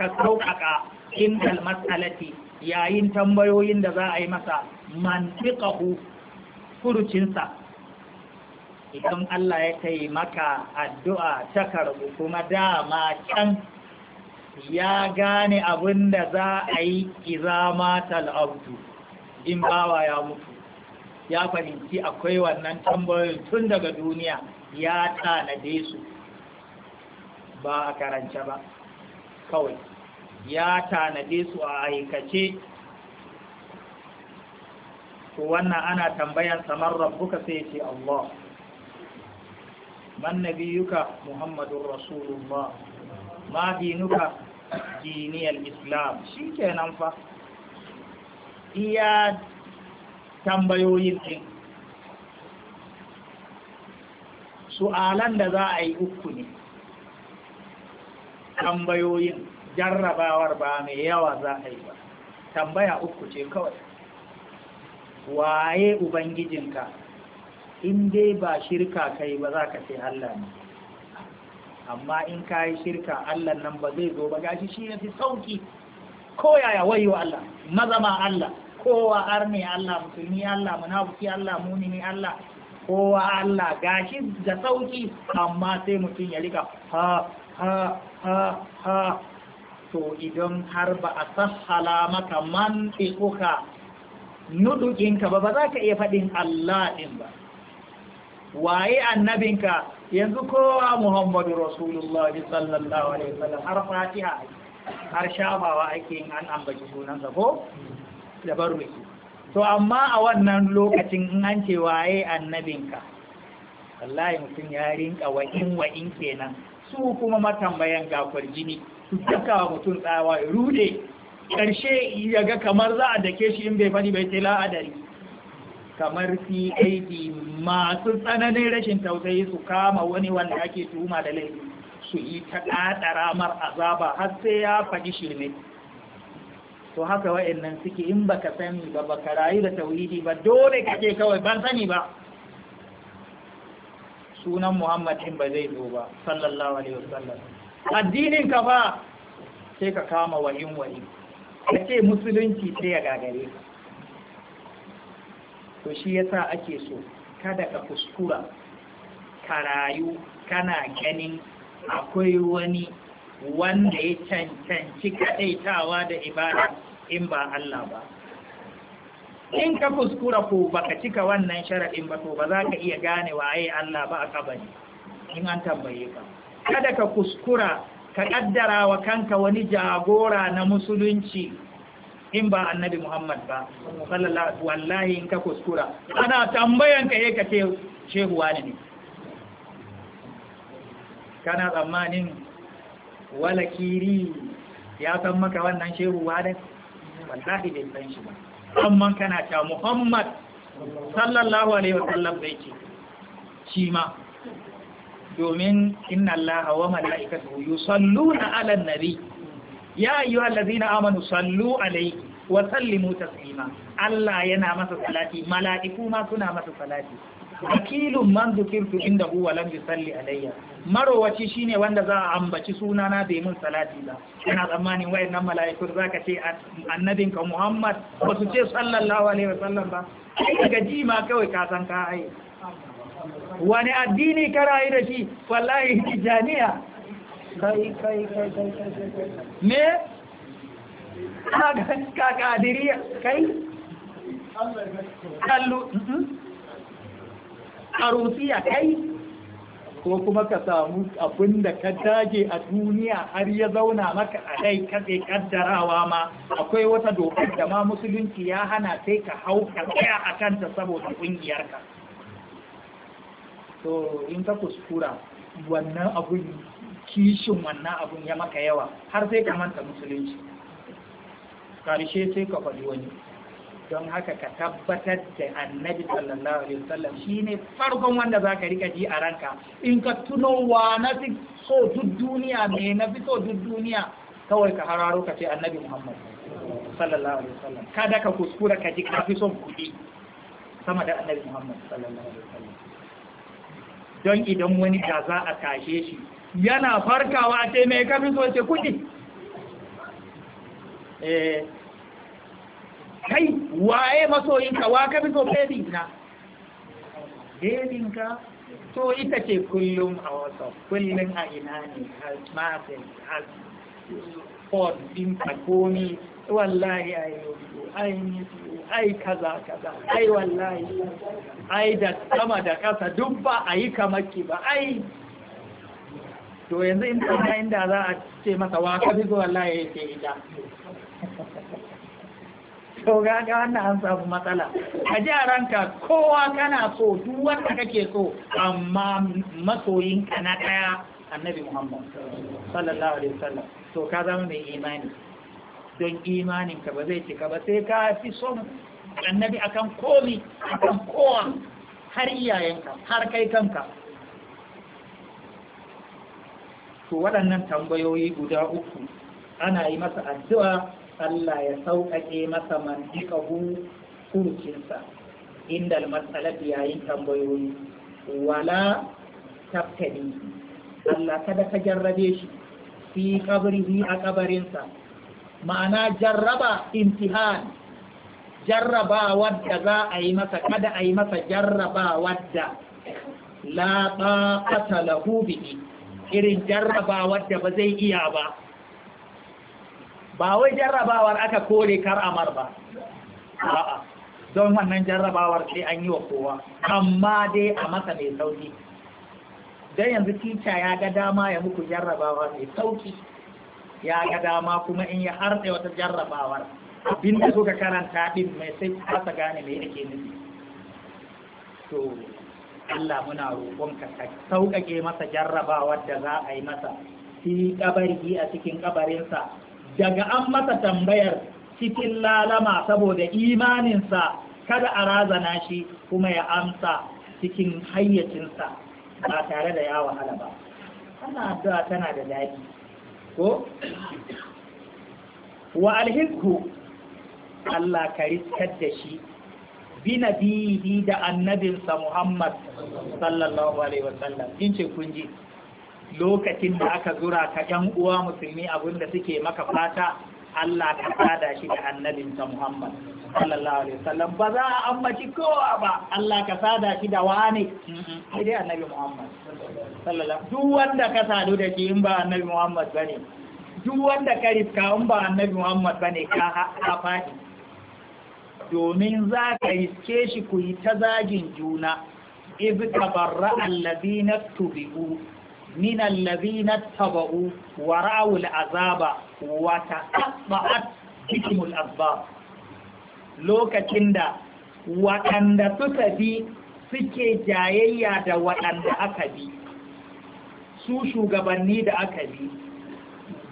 ka sauƙaƙa indal mas'alati yayin tambayoyin da za a yi masa mantiqahu furucinsa idan Allah ya kai maka addu'a ta karbu kuma dama can ya gane abin da za a yi ƙizama tal'abdu in bawa ya mutu ya fahimci akwai wannan tambayoyin tun daga duniya ya tanade su ba a karance ba kawai ya tanade su a aikace Ko wannan ana tambayan samar rabbuka sai ce Allah man nabiyuka muhammadur rasulullah ma dinuka jiniyar islam shi ke nan fa iya tambayoyin ɗin su'alan da za a yi uku ne tambayoyin jarrabawar ba mai yawa za a yi ba tambaya uku ce kawai waye ubangijinka in dai ba shirka kai ba za ka ce Allah ne amma in ka yi shirka Allah nan ba zai zo ba gashi shi ya fi sauki ko yaya wayo Allah mazama Allah kowa arne Allah musulmi Allah munafiki Allah mumini Allah kowa Allah gashi da sauki amma sai mutum ya rika ha ha ha ha to idan har ba a sahala maka mantiƙuka nudukinka ba ba za ka iya faɗin Allah ɗin ba waye annabinka yanzu kowa muhammadu rasulullah sallallahu alaihi wasallam har fatiha har shafawa ake yin an ambaci sunansa ko Da tabarruki to amma a wannan lokacin in an ce waye annabinka wallahi mutum ya rinka wa'in wa'in kenan su kuma matambayan gafar jini su taka wa mutum tsawa ya rude ƙarshe ya ga kamar za a dake shi in bai fadi bai ce la'adari kamar cid masu tsananin rashin tausayi su kama wani wanda ake tuhuma da laifi su yi ta ramar azaba har sai ya faɗi shirme to haka wa'annan suke in baka sani ba baka rayu da tauhidi ba dole kaje kawai ban sani ba sunan Muhammad in ba zai zo ba sallallahu alaihi wasallam addinin ka fa sai ka kama wayin wayi kace musulunci sai ya gagare to shi yasa ake so kada ka kuskura ka rayu kana ganin akwai wani wanda ya cancanci kaɗaitawa da ibada in ba Allah ba in ka kuskura ko baka cika wannan sharaɗin ba to ba za ka iya gane waye Allah ba a kabari in an tambaye ka kada ka kuskura ka kaddara wa kanka wani jagora na musulunci in ba annabi Muhammad ba sallallahu wallahi in ka kuskura ana tambayan ka yake eh, ce shehu wani ne kana tsammanin wala kiri ya san maka wannan shehu wani wallahi bai san shi ba amma kana ta Muhammad sallallahu alaihi wasallam bai ce shi ma domin inna Allah wa mala'ikatahu yusalluna 'alan nabi ya ayyuhallazina amanu sallu alaihi wa sallimu taslima Allah yana masa salati mala'iku ma suna masa salati akilun man zukirtu inda huwa lam yusalli alayya marowaci shine wanda za a ambaci sunana bai mun salati ba ina tsammanin wayannan mala'ikun zaka ce annabin ka Muhammad ba su ce sallallahu alaihi wasallam ba daga ji ma kawai ka san ka ai wani addini ka rayu da shi wallahi tijaniya kai kai kai kai me ka ka kai Allah a kai ko kuma ka samu abin da ka dage a duniya har ya zauna maka a dai katse kaddarawa ma akwai wata dokar da ma musulunci ya hana sai ka hau ka tsaya a kanta saboda ƙungiyarka to in ka kuskura wannan abun kishin wannan abun ya maka yawa har sai ka manta musulunci karshe sai ka faɗi wani don haka ka tabbatar da annabi sallallahu alaihi wasallam shine farkon wanda zaka rika ji a ranka in ka tuno wa na fi so duk duniya me na fi so duk duniya kawai ka hararo ka ce annabi muhammad sallallahu alaihi wasallam kada ka kuskura ka ji ka fi son kudi sama da annabi muhammad sallallahu alaihi wasallam don idan wani da za a tashe shi yana farkawa a ce mai kafin so ce kuɗi eh, kai waye masoyinka wa ka fi so na bedinka to ita ce kullum a wasa kullum a ina ne har hasford din takomi wallahi yi yosu ai nisu ai kaza kaza ai wallahi ai da sama da kasa duk ba a yi kamaki ba ai to yanzu ta inda za a ce masa wa ka fi so wallahi ya ce ita to gaga wannan an samu matsala a ji ranka kowa kana so duk wanda kake so amma masoyinka na daya annabi muhammad sallallahu alaihi wasallam to ka zama mai imani don imaninka ba zai cika ba sai ka fi son annabi akan komi akan kowa har iyayenka har kai kanka to waɗannan tambayoyi guda uku ana yi masa addu'a Allah ya sauƙaƙe masa mandikahu kurkinsa inda almasalati yayin tambayoyi wala tabtali Allah kada ka jarrabe shi fi kabrihi a kabarinsa ma'ana jarraba imtihan jarraba wadda za a yi masa kada a yi masa jarraba wadda la taqata lahu bihi irin jarraba wadda ba zai iya ba ba wai jarrabawar aka kore kar amar ba a'a don wannan jarrabawar sai an yi wa kowa amma dai a masa mai sauki don yanzu tica ya ga dama ya muku jarrabawa mai sauki ya ga dama kuma in ya harɗe wata jarrabawar abin da suka karanta ɗin mai sai kasa gane mai yake nufi to Allah muna roƙonka ka sauƙaƙe masa jarrabawar da za a yi masa fi ƙabari a cikin ƙabarinsa daga an masa tambayar cikin lalama saboda imaninsa kada a razana shi kuma ya amsa cikin hayyacinsa ba tare da ya wahala ba ana addu'a tana da daɗi ko wa alhikku Allah ka riskar da shi bi nabihi da annabinsa Muhammad sallallahu alaihi wasallam in ce kun ji lokacin da aka zura ka ‘yan uwa musulmi abinda suke maka fata Allah ka sada shi da annabinta Muhammad sallallahu alaihi wasallam ba za a ambaci kowa ba Allah ka sada shi da wani sai dai annabi Muhammad sallallahu duk wanda ka sadu da shi in ba annabi Muhammad bane duk wanda ka riska in ba annabi Muhammad bane ka ka fadi domin za ka riske shi ku yi ta zagin juna iz tabarra alladhina tubi'u من الذين اتبعوا ورأوا العذاب وتقطعت بهم الأسباب lokacin da waɗanda suka bi suke jayayya da waɗanda aka bi su shugabanni da aka bi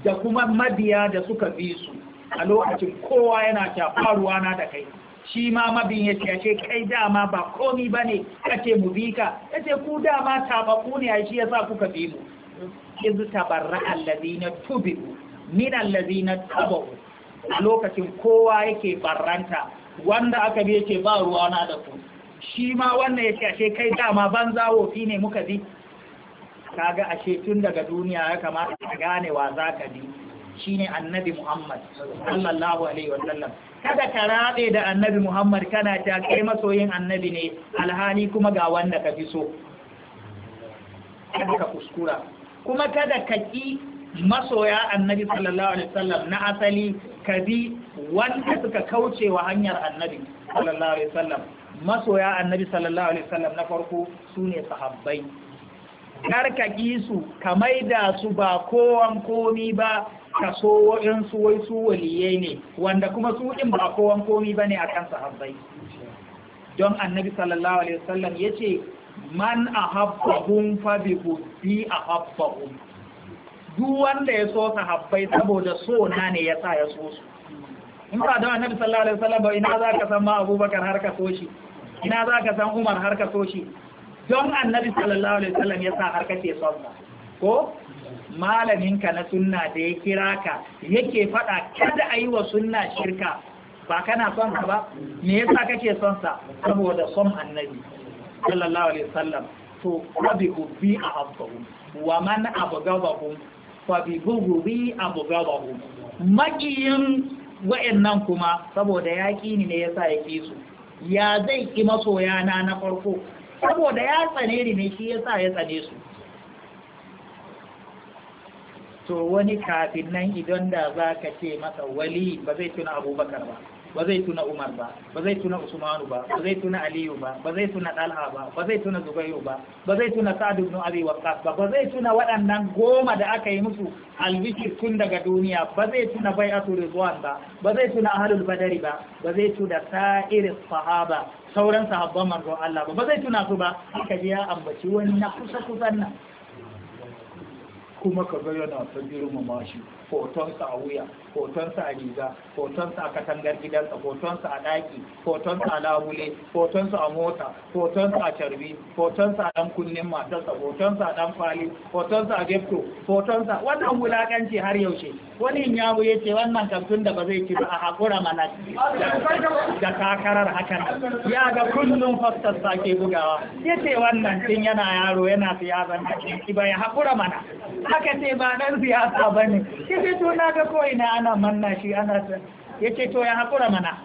da kuma mabiya da suka bi su a lokacin kowa yana ta na da kai shi ma mabin ya ce ce kai dama ba komi ba ne kake mu bi ka ya ce ku dama tabaku ne a shi ya sa kuka bi mu iz tabarra na tubi min na tabo a lokacin kowa yake barranta wanda aka bi yake ba ruwa na da ku shi ma wannan ya ce ashe kai dama banza fi ne muka bi Ka ga ashe tun daga duniya ya kamata ka gane wa zaka bi shine annabi Muhammad sallallahu alaihi wa sallam kada ka rabe da annabi Muhammad kana ta kai masoyin annabi ne alhali kuma ga wanda ka fi so kada ka kuskura kuma kada ka ki masoya annabi sallallahu alaihi wa sallam na asali ka bi wanda suka kauce wa hanyar annabi sallallahu alaihi wa sallam masoya annabi sallallahu alaihi wa sallam na farko su ne sahabbai karka ki su ka maida su ba kowan komi ba kaso waɗansu wai su waliyai ne wanda kuma su ɗin ba kowan komi ba ne a kan sahabbai don annabi sallallahu alaihi wasallam ya ce man a habbahun fabi bi a habbahun duk wanda ya so sahabbai saboda so na ne ya sa ya so su in ba don annabi sallallahu alaihi wasallam ba ina za ka san ma abubakar har ka so shi ina za ka san umar har ka so shi don annabi sallallahu alaihi wasallam ya sa har kake son ko malaminka na sunna da ya kira ka yake faɗa kada a yi wa sunna shirka ba kana son ka ba me yasa kake son sa saboda son annabi sallallahu alaihi wasallam to rabbi bi a wa man abghadahu fa bi bi abgadahum makiyin wa'annan kuma saboda yaƙi ne ne yasa ya ki su ya zai ki masoyana na farko saboda ya tsane ni ne shi yasa ya tsane su to wani kafin nan idan da za ka ce masa wali ba zai tuna abubakar ba ba zai tuna umar ba ba zai tuna usmanu ba ba zai tuna aliyu ba ba zai tuna dalha ba ba zai tuna zubairu ba ba zai tuna sa'ad ibn abi waqqas ba ba zai tuna waɗannan goma da aka yi musu albikir tun daga duniya ba zai tuna bai'atu ridwan ba ba zai tuna ahlul badari ba ba zai tuna sa'ir sahaba sauran sahabban manzon Allah ba ba zai tuna su ba ji ya ambaci wani na kusa kusan nan kuma ka yana ta girmama shi hotonsa a wuya hotonsa a riga hotonsa a katangar gidansa hotonsa a ɗaki hotonsa a labule hotonsa a mota hotonsa a carbi hotonsa a ɗan kunnen matarsa hotonsa a ɗan fali hotonsa a gefto hotonsa wannan wulakanci har yaushe wani in ya ya ce wannan kamfin da ba zai ci ba a haƙura mana da takarar hakan ya ga kullum fastar sake bugawa ya ce wannan tun yana yaro yana siyasa ba ya haƙura mana Haka ce ba ɗan siyasa ba ne ce to na ga ko na ana manna shi ana ta ya ce to ya haƙura mana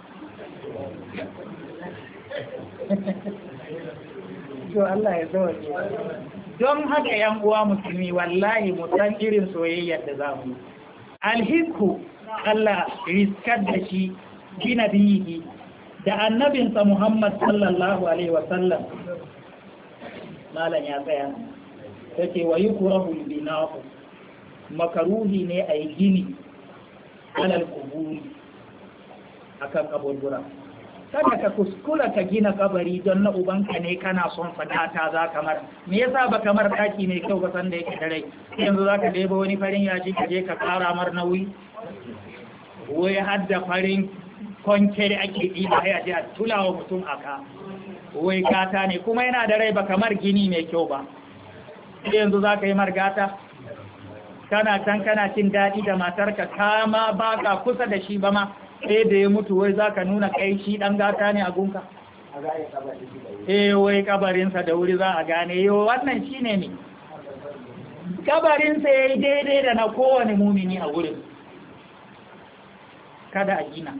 to Allah ya zo don haka yan uwa musulmi wallahi mu san irin soyayyar da za mu. alhikku Allah riskar da shi gina biyi da annabinsa Muhammad sallallahu alaihi wa sallam malam ya tsaya take wa bi na'u makaruhi ne a yi gini alal kuburi kan kaburbura kada ka kuskura ka gina kabari don na ubanka ne kana son fadata za ka mara me yasa ba kamar ɗaki mai kyau ba san da yake dare yanzu za ka debo wani farin yaji ka je ka kara mar nauyi wai har farin kwanciyar ake ɗi ba ya ji a tulawa mutum aka wai gata ne kuma yana da rai ba kamar gini mai kyau ba yanzu za ka yi margata kana can kana cin daɗi da matarka ka ma ba ka kusa da shi ba ma sai da ya mutu wai za ka nuna kai shi ɗan gata ne a gunka eh wai kabarinsa da wuri za a gane yau eh, wannan shi ne ne kabarinsa ya yi daidai da na kowane mumini a wurin kada a gina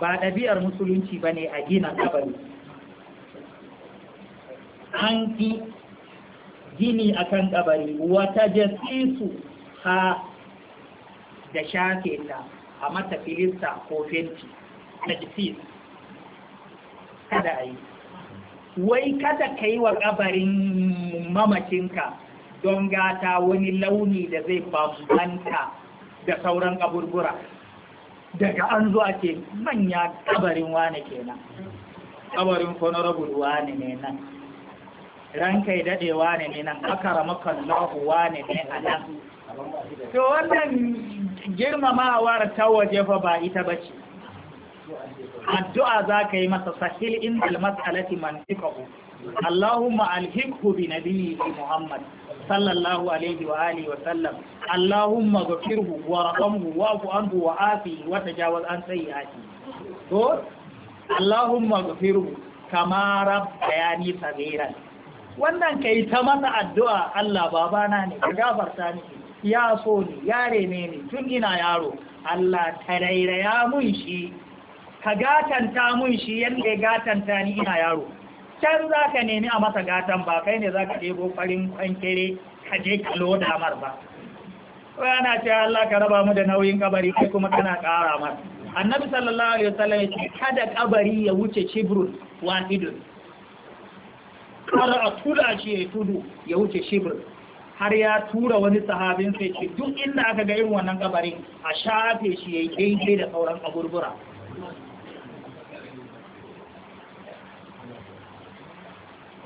ba ɗabi'ar musulunci ba ne a gina kabari an fi gini akan kabari wata jasisu ha da shafe ta a mata filista ko fenti na jisis kada a yi wai kada ka yi wa kabarin mamacinka don gata wani launi da zai bambanta da sauran kaburbura daga an zuwa ke manya kabarin wane kenan kabarin honorable wane ne nan rankai dadewa ne ne nan akara makallahu wane ne a nan to wannan girmamawar ta waje fa ba ita ba ce addu'a za ka yi masa sahil in almas'alati man tikahu Allahumma alhibhu bi nabiyyi Muhammad sallallahu alaihi wa alihi wa sallam Allahumma ghfirhu wa rahamhu wa ku anhu wa afi wa tajawaz an sayyi'ati to Allahumma ghfirhu kama rabbayani saghiran wannan ka yi ta masa addu'a Allah babana ne ka gafarta ni ya so ne, ya rene ne, tun ina yaro Allah ta ya mun shi ka gatanta mun shi yadda ya gatanta ni ina yaro can za ka nemi a masa gatan ba kai ne za ka ɗebo farin kwankere ka je ka loda ba Wana ce Allah ka raba mu da nauyin kabari kai kuma kana ƙara mar annabi sallallahu alaihi wasallam ya ce kada kabari ya wuce cibrun wa Idris. har a tura shi ya tudu ya wuce shibir har ya tura wani sahabin sai ce duk inda aka ga irin wannan kabari a shafe shi ya daidai da sauran aburbura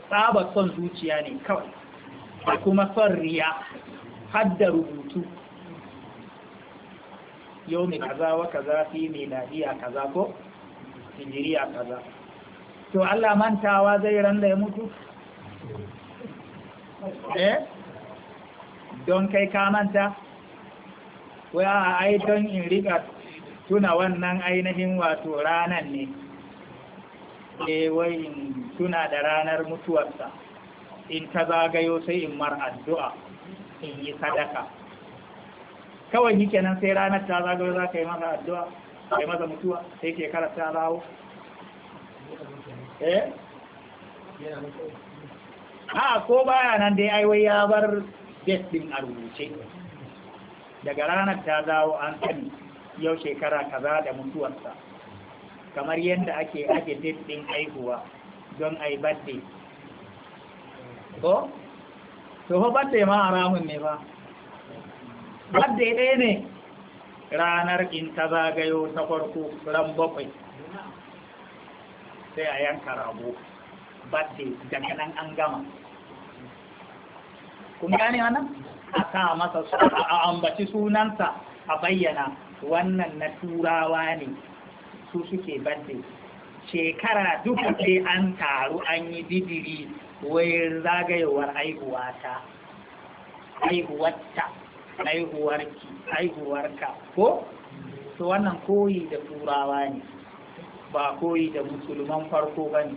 tsaba son zuciya ne kawai da kuma son riya hadda rubutu yau mai kaza wa kaza fi mai lafiya kaza ko injiriya kaza to Allah mantawa zai randa ya mutu eh don kai ka manta wai a ai don in riga tuna wannan ainihin wato ranan ne eh wai in tuna da ranar mutuwarsa in ta zagayo sai in mar addu'a in yi sadaka kawai shi kenan sai ranar ta zagayo za ka yi masa addu'a ka yi masa mutuwa sai ke ta zawo eh a ko baya nan dai aiwai ya bar destin ɗin a rubuce daga ranar ta dawo an sani yau shekara kaza da mutuwarsa kamar yadda ake ake destin aihuwa don a yi ko to fa birthday ma ramun ne ba birthday ɗaya ne ranar in ta zagayo ta farko ran bakwai sai a yanka rago bade daga nan an gama kun gane wannan a sa masa a ambaci sunansa a bayyana wannan na turawa ne su suke birthday shekara duk sai an taru an yi didiri wayar zagayowar aihuwata? aihuwata aihuwarki aihuwarka ko to wannan koyi da turawa ne ba koyi da musulman farko ba ne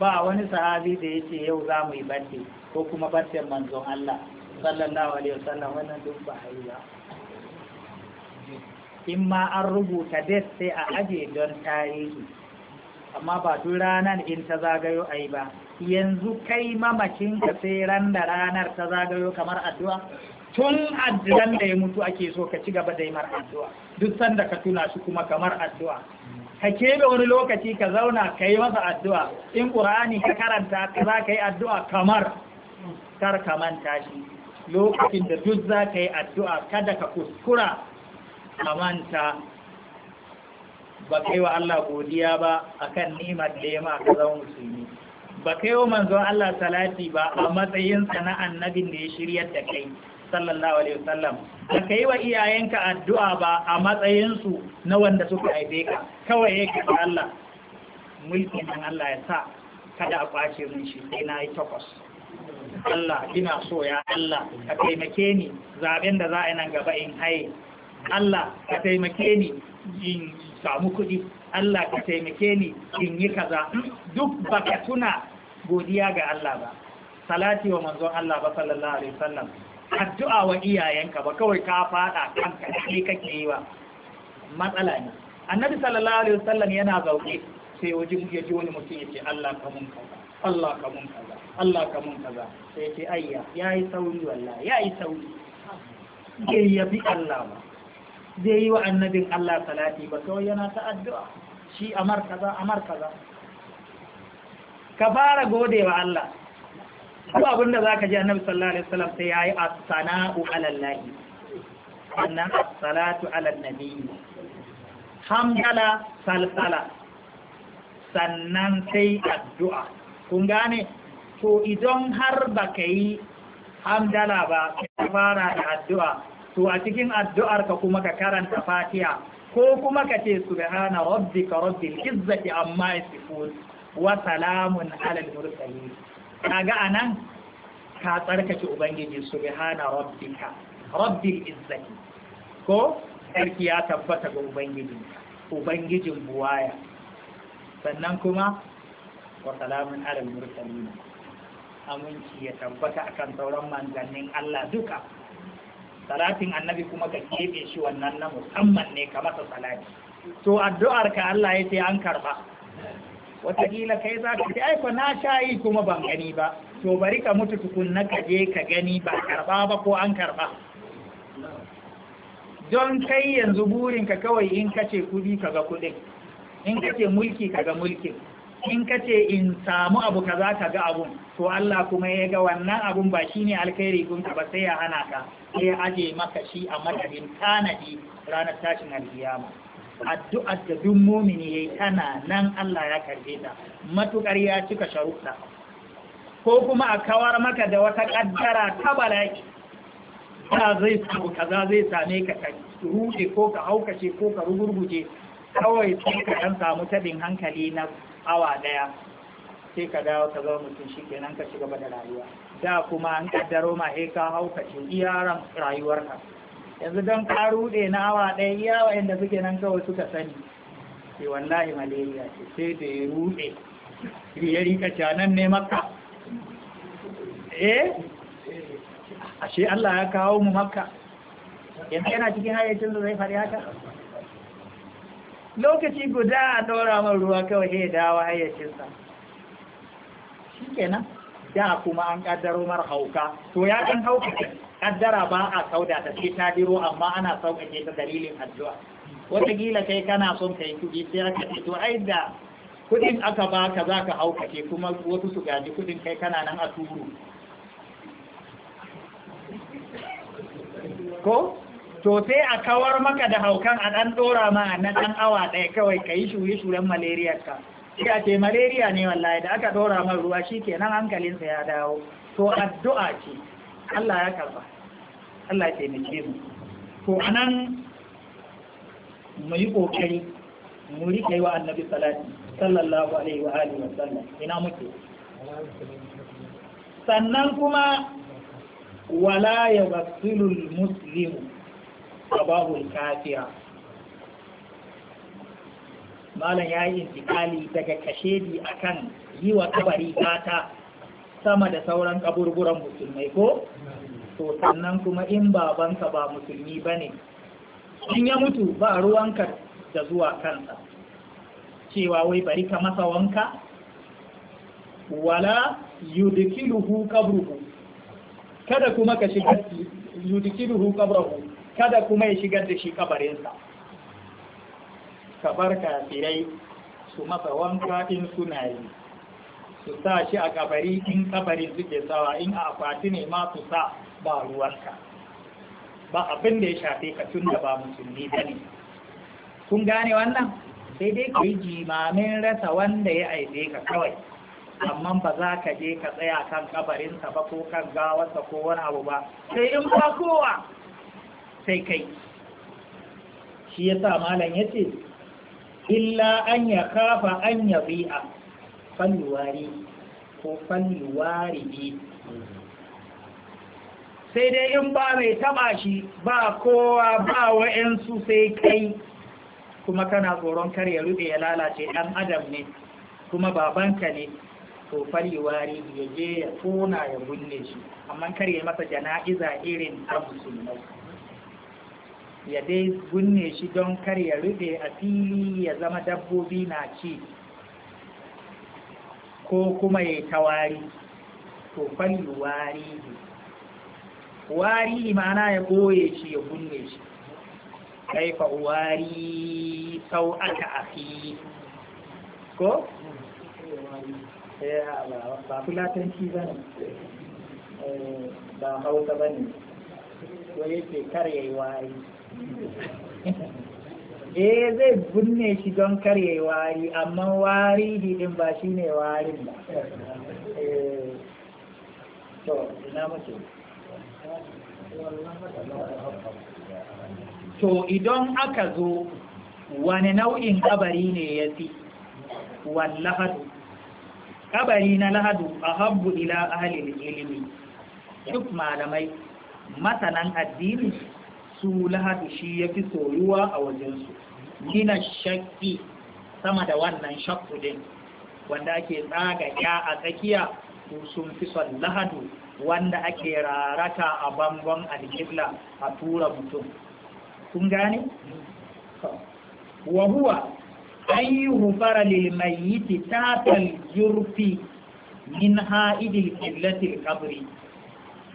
ba wani sahabi da yake yau za mu yi barci ko kuma barcin manzon Allah sallallahu alaihi wasallam wannan duk ba yi ba in ma an rubuta dat sai a aje don tarihi amma ba duk ranar in ta zagayo ayi ba yanzu kai mamakin ka sai ran da ranar ta zagayo kamar addu'a tun addu'an da ya mutu ake so ka ci gaba da yi mar addu'a duk sanda ka tuna shi kuma kamar addu'a ka kebe wani lokaci ka zauna ka yi masa addu'a in ƙur'ani ka karanta ka za ka yi addu'a kamar kar ka manta shi lokacin da duk za ka yi addu'a kada ka kuskura ka manta ba kai wa Allah godiya ba akan nimar da ya ma ka zama musulmi ba yi wa manzo Allah salati ba a matsayinsa na annabin da ya shiryar da kai sallallahu alaihi wasallam da kai wa iyayenka addu'a ba a matsayinsu na wanda suka haife ka kawai yake ga Allah mulkin nan Allah ya sa kada a kwace mun shi sai na yi takwas Allah ina so ya Allah ka taimake ni zaben da za a yi nan gaba in haye Allah ka taimake ni in samu kuɗi Allah ka taimake ni in yi kaza duk baka tuna godiya ga Allah ba salati wa manzon Allah ba sallallahu alaihi wasallam addu'a wa iyayenka ba kawai ka fada kanka ne kake yi wa matsala ne annabi sallallahu alaihi wasallam yana zaune sai waje ya ji wani mutum ya ce Allah ka mun kaza Allah ka mun kaza Allah ka mun kaza sai ya ce ayya yayi sauri wallahi yayi sauri ya yabi Allah ba zai yi wa annabin Allah salati ba kawai yana ta addu'a shi amar kaza amar kaza ka fara gode wa Allah duk abin da ka ji annabi sallallahu alaihi wasallam sai yayi as-sana'u 'ala Allah wannan as-salatu 'ala nabi hamdala salsala sannan sai addu'a kun gane to idan har baka yi hamdala ba ka fara da addu'a to a cikin addu'ar ka kuma ka karanta fatiha ko kuma ka ce subhana rabbika rabbil izzati amma yasifun wa salamun alal mursalin kaga anan ka tsarkake ubangiji subhana rabbika rabbil izzati ko sarki ya tabbata ga ubangijin ubangijin buwaya sannan kuma wa salamun ala mursalin aminci ya tabbata akan sauran manzannin Allah duka salatin annabi kuma ka kebe shi wannan na musamman ne ka masa salati to addu'ar ka Allah ya ce an karba watakila kai za ka fi aiko na sha kuma ban gani ba to bari ka mutu tukunna ka je ka gani ba karba ba ko an karba don kai yanzu burin ka kawai in kace ce kudi ka ga kudin in ka mulki ka ga mulkin in kace in samu abu kaza ka ga abun to Allah kuma ya ga wannan abun ba shi ne alkhairi ka ba sai ya hana ka sai aje maka shi a madadin tanadi ranar tashin alkiyama addu'ar da duk mumini yayi tana nan Allah ya karbe ta matukar ya cika sharuɗa ko kuma a kawar maka da wata ƙaddara ta bala'i ta zai samu kaza zai same ka ka ruɗe ko ka haukace ko ka rugurguje kawai sai ka ɗan samu tabin hankali na awa ɗaya sai ka dawo ka zama mutum shi kenan ka ci gaba da rayuwa da kuma an kaddaro ma sai ka haukace iya rayuwarka yanzu don ka rude na awa ɗaya iya wa'inda suke nan kawai suka sani ke wallahi malaria ce sai da ya rude ya rika canan ne makka eh ashe Allah ya kawo mu makka yanzu yana cikin hayyacin da zai faɗi haka lokaci guda a ɗora man ruwa kawai ya dawo hayyacinsa shi kenan da kuma an kaddaro mar hauka to ya kan hauka kaddara ba a sauda ta sai ta diro amma ana sauƙaƙe ta dalilin addu'a wata gila kai kana son kai kuɗi sai aka ce to ai da kuɗin aka baka za ka haukace kuma wasu su gaji kuɗin kai kana nan a turu ko to sai a kawar maka da haukan a ɗan ɗora ma na ɗan awa ɗaya kawai ka yi shure-shuren ka? a ce malaria ne wallahi da aka dora mai ruwa nan hankalinsa ya dawo to addu'a ce Allah ya karba Allah ya taimake mu to anan mu yi kokari mu rike wa annabi salati sallallahu alaihi wa alihi wa sallam ina muke sannan kuma wala ya basilul muslimu babu kafiya malam ya yi intikali daga kashedi akan yi wa kabari gata sama da sauran kaburburan musulmai ko to sannan kuma in babanka ba musulmi ba ne in ya mutu ba ruwanka da zuwa kansa cewa wai bari ka masa wanka wala yudikiluhu kabruhu kada kuma ka shiga kada kuma ya shigar da shi kabarinsa ka bar kafirai su masa wanka in suna yi su sa shi a kabari in kabarin suke sawa in a akwati ne ma su sa ba ruwarka ba abin da ya shafe ka tun da ba musulmi ba ne kun gane wannan sai dai ka yi jimamin rasa wanda ya aibe ka kawai amma ba za ka je ka tsaya kan kabarinsa ba ko kan gawarsa ko wani abu ba sai in ba kowa sai kai shi ya sa malam ya ce illa an ya kafa an ya bi'a falluwari ko falluwari sai dai in ba mai taba shi ba kowa ba wa'yansu sai kai kuma kana tsoron kar ya rube ya lalace ɗan adam ne kuma babanka ne to falluwari ya je ya tona ya bunne shi amma kar ya masa jana'iza irin ta musulmai ya dai gunne shi don kar ya rube a fili ya zama dabbobi na ci ko kuma ya tawari to fallu wari wari ma'ana ya boye shi ya gunne shi kaifa wari sau aka a fili, ko? Eh, ba latanci ba ne eh, ba hausa ba ne ko yake kar yi wari eh zai bunne shi don karye wari amma wari din ba shi ne warin ba eh, to ina to idan aka zo wani nau'in kabari ne ya fi wallahadu kabari na lahadu a habbu ila ahalil ilimi duk malamai masanan addini su lahadu shi ya fi soyuwa a wajensu nina shakki sama da wannan shakku din wanda ake tsaga ya a tsakiya sun fi son lahadu wanda ake rarata a bangon alƙibla a tura mutum kun gane? wahuwa ayyuhu yi lilmayiti tafiyar jurfi min ha'idil ƙiblatil kabri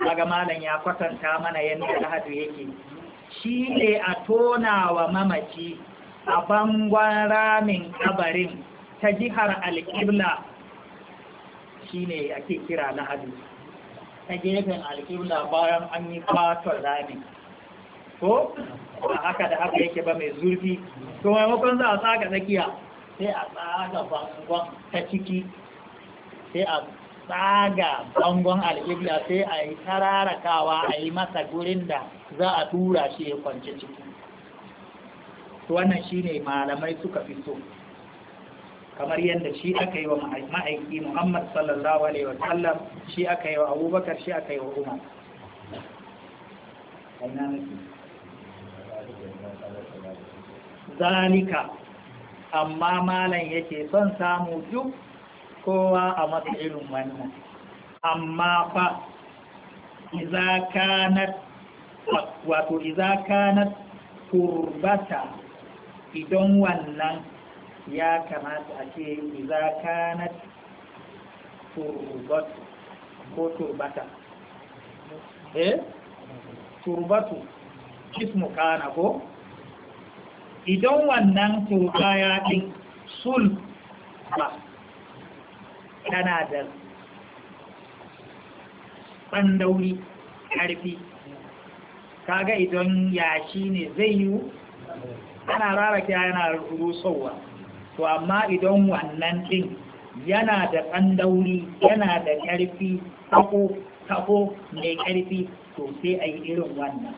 daga malam ya kwatanta mana yadda lahadu yake shi ne a tonawa mamaci a bangon ramin kabarin ta jihar alƙibla shi ne ake kira na lahadi ta gefen alƙibla bayan an yi faton ramin ko a haka da haka yake ba mai zurfi to maimakon za a tsaka tsakiya sai a tsaka bangon ta ciki sai a tsaga bangon alƙibla sai a yi tararakawa a yi masa gurin da za a tura shi ya kwanci ciki wannan shi ne malamai suka fi so kamar yadda shi aka yi wa ma'aiki muhammad sallallahu alaihi wasallam shi aka yi wa abubakar shi aka yi wa umar zalika amma malam yake son samu duk kowa a masa irin wannan amma fa iza kanat wato iza kanat turbata idan wannan ya kamata a ce iza kanat turbatu ko turbata eh turbatu kismu kana ko idan wannan turba ya ɗin sul ba tana da ɓandauri ƙarfi kaga idan yashi ne zai yi ana rarake yana rusowa to amma idan wannan ɗin yana da ɓandauri yana da ƙarfi tako mai ƙarfi to sai a yi irin wannan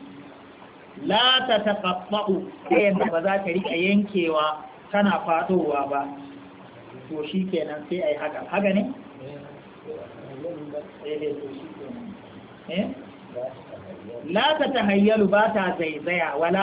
la ta taɓaɓɓa'u ɗayan da ba za ta riƙa yankewa tana faɗowa ba to shi kenan sai a yi haka haka ne? Eh. Eh? la ta tahayyalu ba ta zaizaya wala